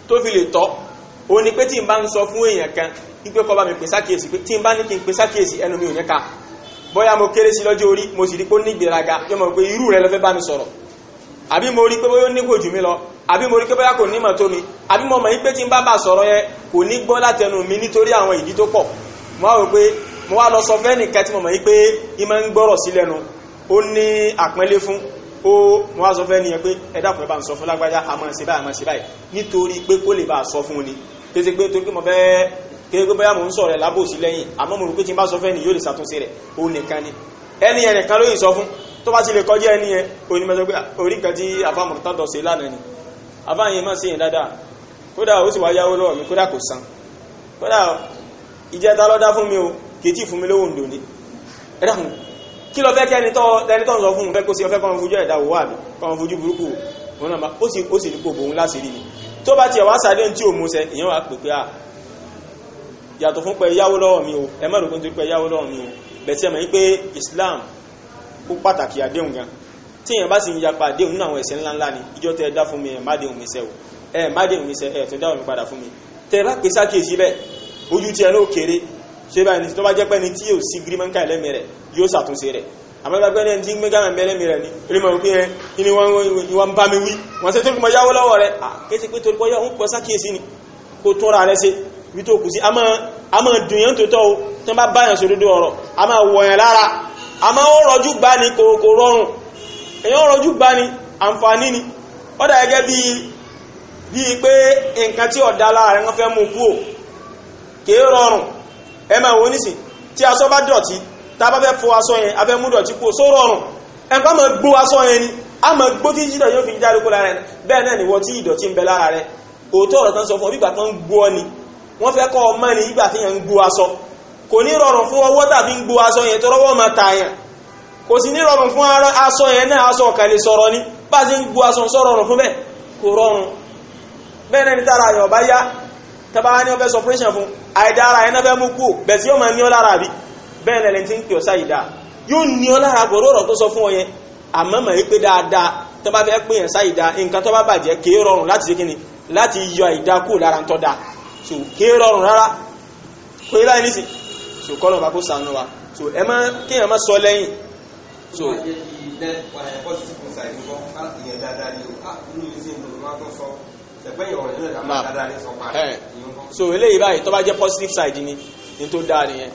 ni ó ó ní pé tí n bá ń sọ fún èèyàn kan wípé kó bá mi pè sákèsì pé tí n bá ní kí n pè sákèsì ẹnu mi ò ní ká bóyá mo kéré sí lọ́jọ́ orí mo sì rí pé ó ní ìgbéraga yóò mọ̀ pé irú rẹ ló fẹ́ bá mi sọ̀rọ̀ àbí mo rí pé bóyá ó ní kò jù mí lọ àbí mo rí pé bóyá kò nímọ̀ tó mi àbí mo mọ̀ wípé tí n bá bá sọ̀rọ̀ yẹn kò ní gbọ́ látẹnu mi nítorí àwọn ìdí tó pọ̀ mo wá rò pé mo wá lọ sọ fẹ́nìkan tí mo mọ̀ wípé ìmọ̀ ń gbọ́rọ̀ sí lẹ́nu ó ní àpẹ́lẹ́ fún ó wọ́n á sọ fẹ́ nìyẹn pé ẹ̀dàkùn ẹ̀bá ń sọ fún lágbájá àmọ́ ṣe báyìí àmọ́ ṣe báyìí nítorí pé kó lè bá sọ fún un ni kété pé torí pé mo fẹ́ kété pé bóyá mo ń sọ rẹ̀ lábòsí lẹ́yìn àmọ́ mo rò tí bá sọ fẹ́ ni yóò lè ṣàtúnṣe rẹ̀ ó nìkan ni ẹni yẹn nìkan ló yìí sọ fún tó bá ti lè kọjá ẹni yẹn onímọ̀tò pé kí lọ fẹ́ kẹ́ni tọ́ sọ fún un fẹ́ kó sí ọfẹ́ kan fojú ẹ̀dá òwò àbí kan fojú burúkú òun náà ó sì ó sì ní kó bòun láti rí ni tó bá tiẹ̀ wá sáré tí ò mú sẹ ìyẹn wà pè pé à yàtọ̀ fún pé yáwó lọ́wọ́ mi o ẹ mọ̀rọ̀ pé pé yáwó lọ́wọ́ mi o bẹ̀tí ẹ̀mọ̀ wípé Islam ó pàtàkì àdéhùn gan tí èèyàn bá sì ń yapa àdéhùn nínú àwọn ẹ̀ṣẹ̀ ńláńlá ni ìjọ tẹ dá fún mi ẹ̀ má déhùn mi sẹ́ o ẹ̀ má déhùn mi sẹ́ ẹ̀ tó dáhùn mi padà fún mi tẹ bá pèsè àkíyèsí bẹ́ẹ̀ ojú tiẹ̀ náà kéré ṣé ni tó bá jẹ́ pẹ́ni tí yóò sí gírímọ́ǹkà ẹlẹ́mì rẹ̀ yóò ṣàtúnṣe rẹ̀ àmọ́ ìgbà pẹ́ni tí gbẹ́gàmà ẹlẹ́mì rẹ̀ ni onímọ̀ òkú yẹn ni wọ́n bá mi wí wọ́n ṣe tó kùmọ̀ yáwó lọ́wọ́ rẹ̀ kéṣe pé torí pọ́yọ́ ń pọ́ sákìyèsí ni kó tọ́ra rẹ̀ ṣe ibi tó kù sí a máa dùn yẹn tó tọ́ o tó bá báyàn sódodo ọ̀rọ̀ a máa wọ̀ yẹn lára a máa ń rọjú gbá ni kò rọrùn èèyàn rọjú gbá ni àǹfààní ni ó dà gẹ́gẹ́ bíi bíi pé nǹkan tí ọ̀dà lára rẹ̀ wọ́n fẹ́ mú kú ò kèé rọrùn ẹ máa wọ́n nísìn tí aṣọ bá dọ̀tí tá a bá fẹ́ fọ aṣọ yẹn a fẹ́ mú dọ̀tí kó só rọrùn ẹ̀kọ́ máa gbó aṣọ yẹn ni a máa gbó tí ìdọ̀tí yóò fi jáde kó lára rẹ bẹ́ẹ̀ náà ni wọ́n tí ìdọ̀tí ń bẹ lára rẹ òótọ́ ọ̀rọ̀ tán sọ fún bígbà tán gbó ọ ni wọ́n fẹ́ kọ́ ọmọ ni ìgbà tí yẹn ń gbó aṣọ kò ní rọrùn fún ọwọ́ tàbí gbó aṣọ yẹn tọrọ wọ́n máa ta yẹn kò sì ní rọrùn fún aṣọ yẹn náà aṣọ ọ̀kà lè sọ̀rọ̀ ni bá a ti ń gbó aṣọ sọ̀rọ̀ rọrùn fún bẹ́ẹ̀ kò rọrùn bẹ́ẹ̀ náà ni tára yọ̀ bá yá tẹ́bá ní ọbẹ̀ sọpúrẹ́ṣẹ̀ fún àìdára ẹ̀nà bẹ́ mú kú bẹ̀ tí ó ma ní ọ lára rí bẹ́ẹ̀ lẹ́lẹ́ tí ń pè ọ sáìdá yóò ní ọ lára pẹ̀lú ọ̀rọ̀ tó sọ fún ọyẹn àmọ́ mọ̀ wípé dáadáa tẹ́bá fẹ́ pè yẹn sáìdá nǹkan tó bá bàjẹ́ kéé rọrùn láti ṣe kíni láti yọ àìdá kú lára ń tọ́da so kéé rọrùn rárá kó ilá ẹni sì so kọ́ lọ́ba kó sànú wa so ẹ má kí ẹ má sọ lẹ́yìn so. wọ́n jẹ́ kí ilé wà ẹ̀kọ́ so eléyìí báyìí tó bá jẹ́ positive side ni ní tó dáa nìyẹn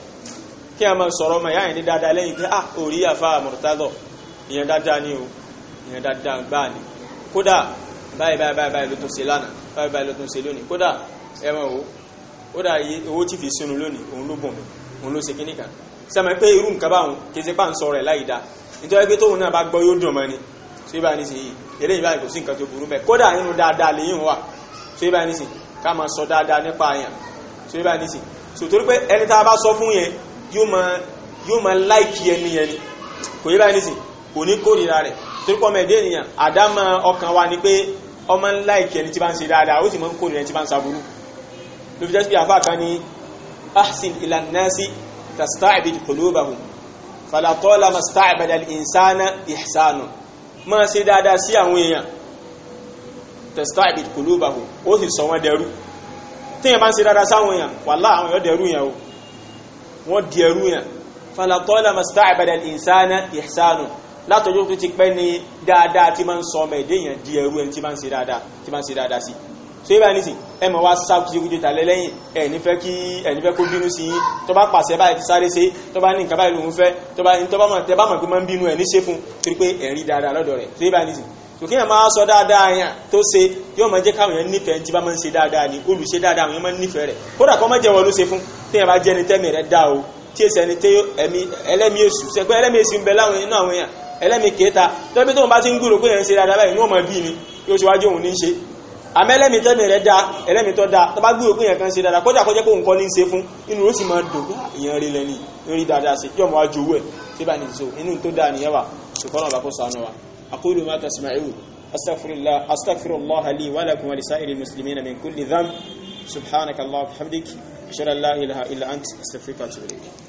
kí a máa sọ̀rọ̀ ọmọ ìyá yẹn ní dáadáa lẹ́yìn pé ah orí àfa àmọ̀tádọ̀ ìyẹn dáadáa ni o ìyẹn dáadáa gbáà ni kódà báyìí báyìí báyìí ló tún ṣe lánàá báyìí báyìí ló tún ṣe lónìí kódà ẹ mọ̀ o kódà owó tí fi sínú lónìí òun ló bùn mí òun ló ṣe kíní kan sẹ́mi pé irú nǹkan báwọn kì í ṣe pà ń sọ láì dáa nítorí pé tóun náà bá gbọ́ yóò dùn mọ́ ni ṣé báyìí ní eléyìí báyìí kò sí nǹkan tó burú bẹ́ẹ̀ kódà nínú dáadáa lèyìn wà tó yẹ báyìí nísìn ká máa sọ dáadáa nípa àyàn tó yẹ báyìí nísìn so torí pé ẹni tá a bá sọ fún yẹn yóò máa yóò máa láìkì ẹni yẹn ni kò yẹ báyìí nísìn kò ní kórìíra rẹ̀ torí pọ́ mẹ́ẹ̀dé ènìyàn àdámọ́ ọkàn wa ni pé ọmọ ńlá ẹni tí bá ń ṣe dáadáa ó sì mọ́ ń kórìíra tí bá ń ṣaburú ló fi jẹ́ àfáà kan ní máa ṣe dáadáa sí àwọn èèyàn testibit kulubahum ó sì sọ wọ́n dẹrú téèyàn bá ń ṣe dáadáa sáwọn èèyàn wàlá àwọn èèyàn dẹrú yẹn o wọ́n di ẹrú yẹn falatọ́lá masta'bada al-insana ihsanu látọjú tó ti pẹ́ ni dáadáa tí máa ń sọ ọmọ ẹ̀dẹ́yàn di ẹrú ẹni tí máa ń ṣe dáadáa sí so yíba nísìn ẹ mọ̀ wá sáàkì ìrújẹta lẹ́lẹ́yìn ẹ nífẹ́ kí ẹ nífẹ́ kó bínú sí yín tó bá pàṣẹ báyìí ti sáré ṣe tó bá ní nǹkan báyìí lòun fẹ́ tó bá mọ̀ tẹ́ bá mọ̀ pé máa ń bínú ẹ̀ ní ṣe fún torí pé ẹ̀rí dáadáa lọ́dọ̀ rẹ̀ so yíba nísìn so kí ẹ máa sọ dáadáa yẹn tó ṣe yóò máa jẹ́ káwọn èèyàn nífẹ̀ẹ́ tí bá máa ń ṣe dáadáa ni olùṣe dáadáa àwọn èèyàn máa ń nífẹ̀ẹ́ rẹ̀ kódà kó má jẹ́ wọ́n ló ṣe fún tí ẹ bá jẹ́ ẹni tẹ́mi rẹ̀ dá o tí èsì ẹni tẹ́ ẹ̀mí ẹlẹ́mí èṣù sẹ́pẹ́ ẹlẹ́mí èṣù ń bẹ láwọn inú àwọn èèyàn ẹlẹ́mí kẹta tọ́bí tóun bá ti ń gbúrò pé ẹ̀ ń ṣe dáadáa báyìí ni wọ́n máa bí ni yóò ṣe wájú òun ní í àmẹ́ ẹlẹ́mìí tẹ́mì rẹ̀ dá ẹlẹ́mìí tọ́ dá tọba gbé òkú yẹn kan ṣe dáadáa kọjá kọjá pé òun kọ́ ní ṣe fún inú ló sì máa dùn ìyẹn ah, rí lẹ́ni rí dáadáa sí yọmọ ajo owó ẹ̀ tí bá ní so inú tó dáa nìyẹn wà ṣùgbọ́n ọ̀bà kó sànù wa aqulu ma tasma'un astaghfirullah astaghfirullah li wa wa lisa'iril wa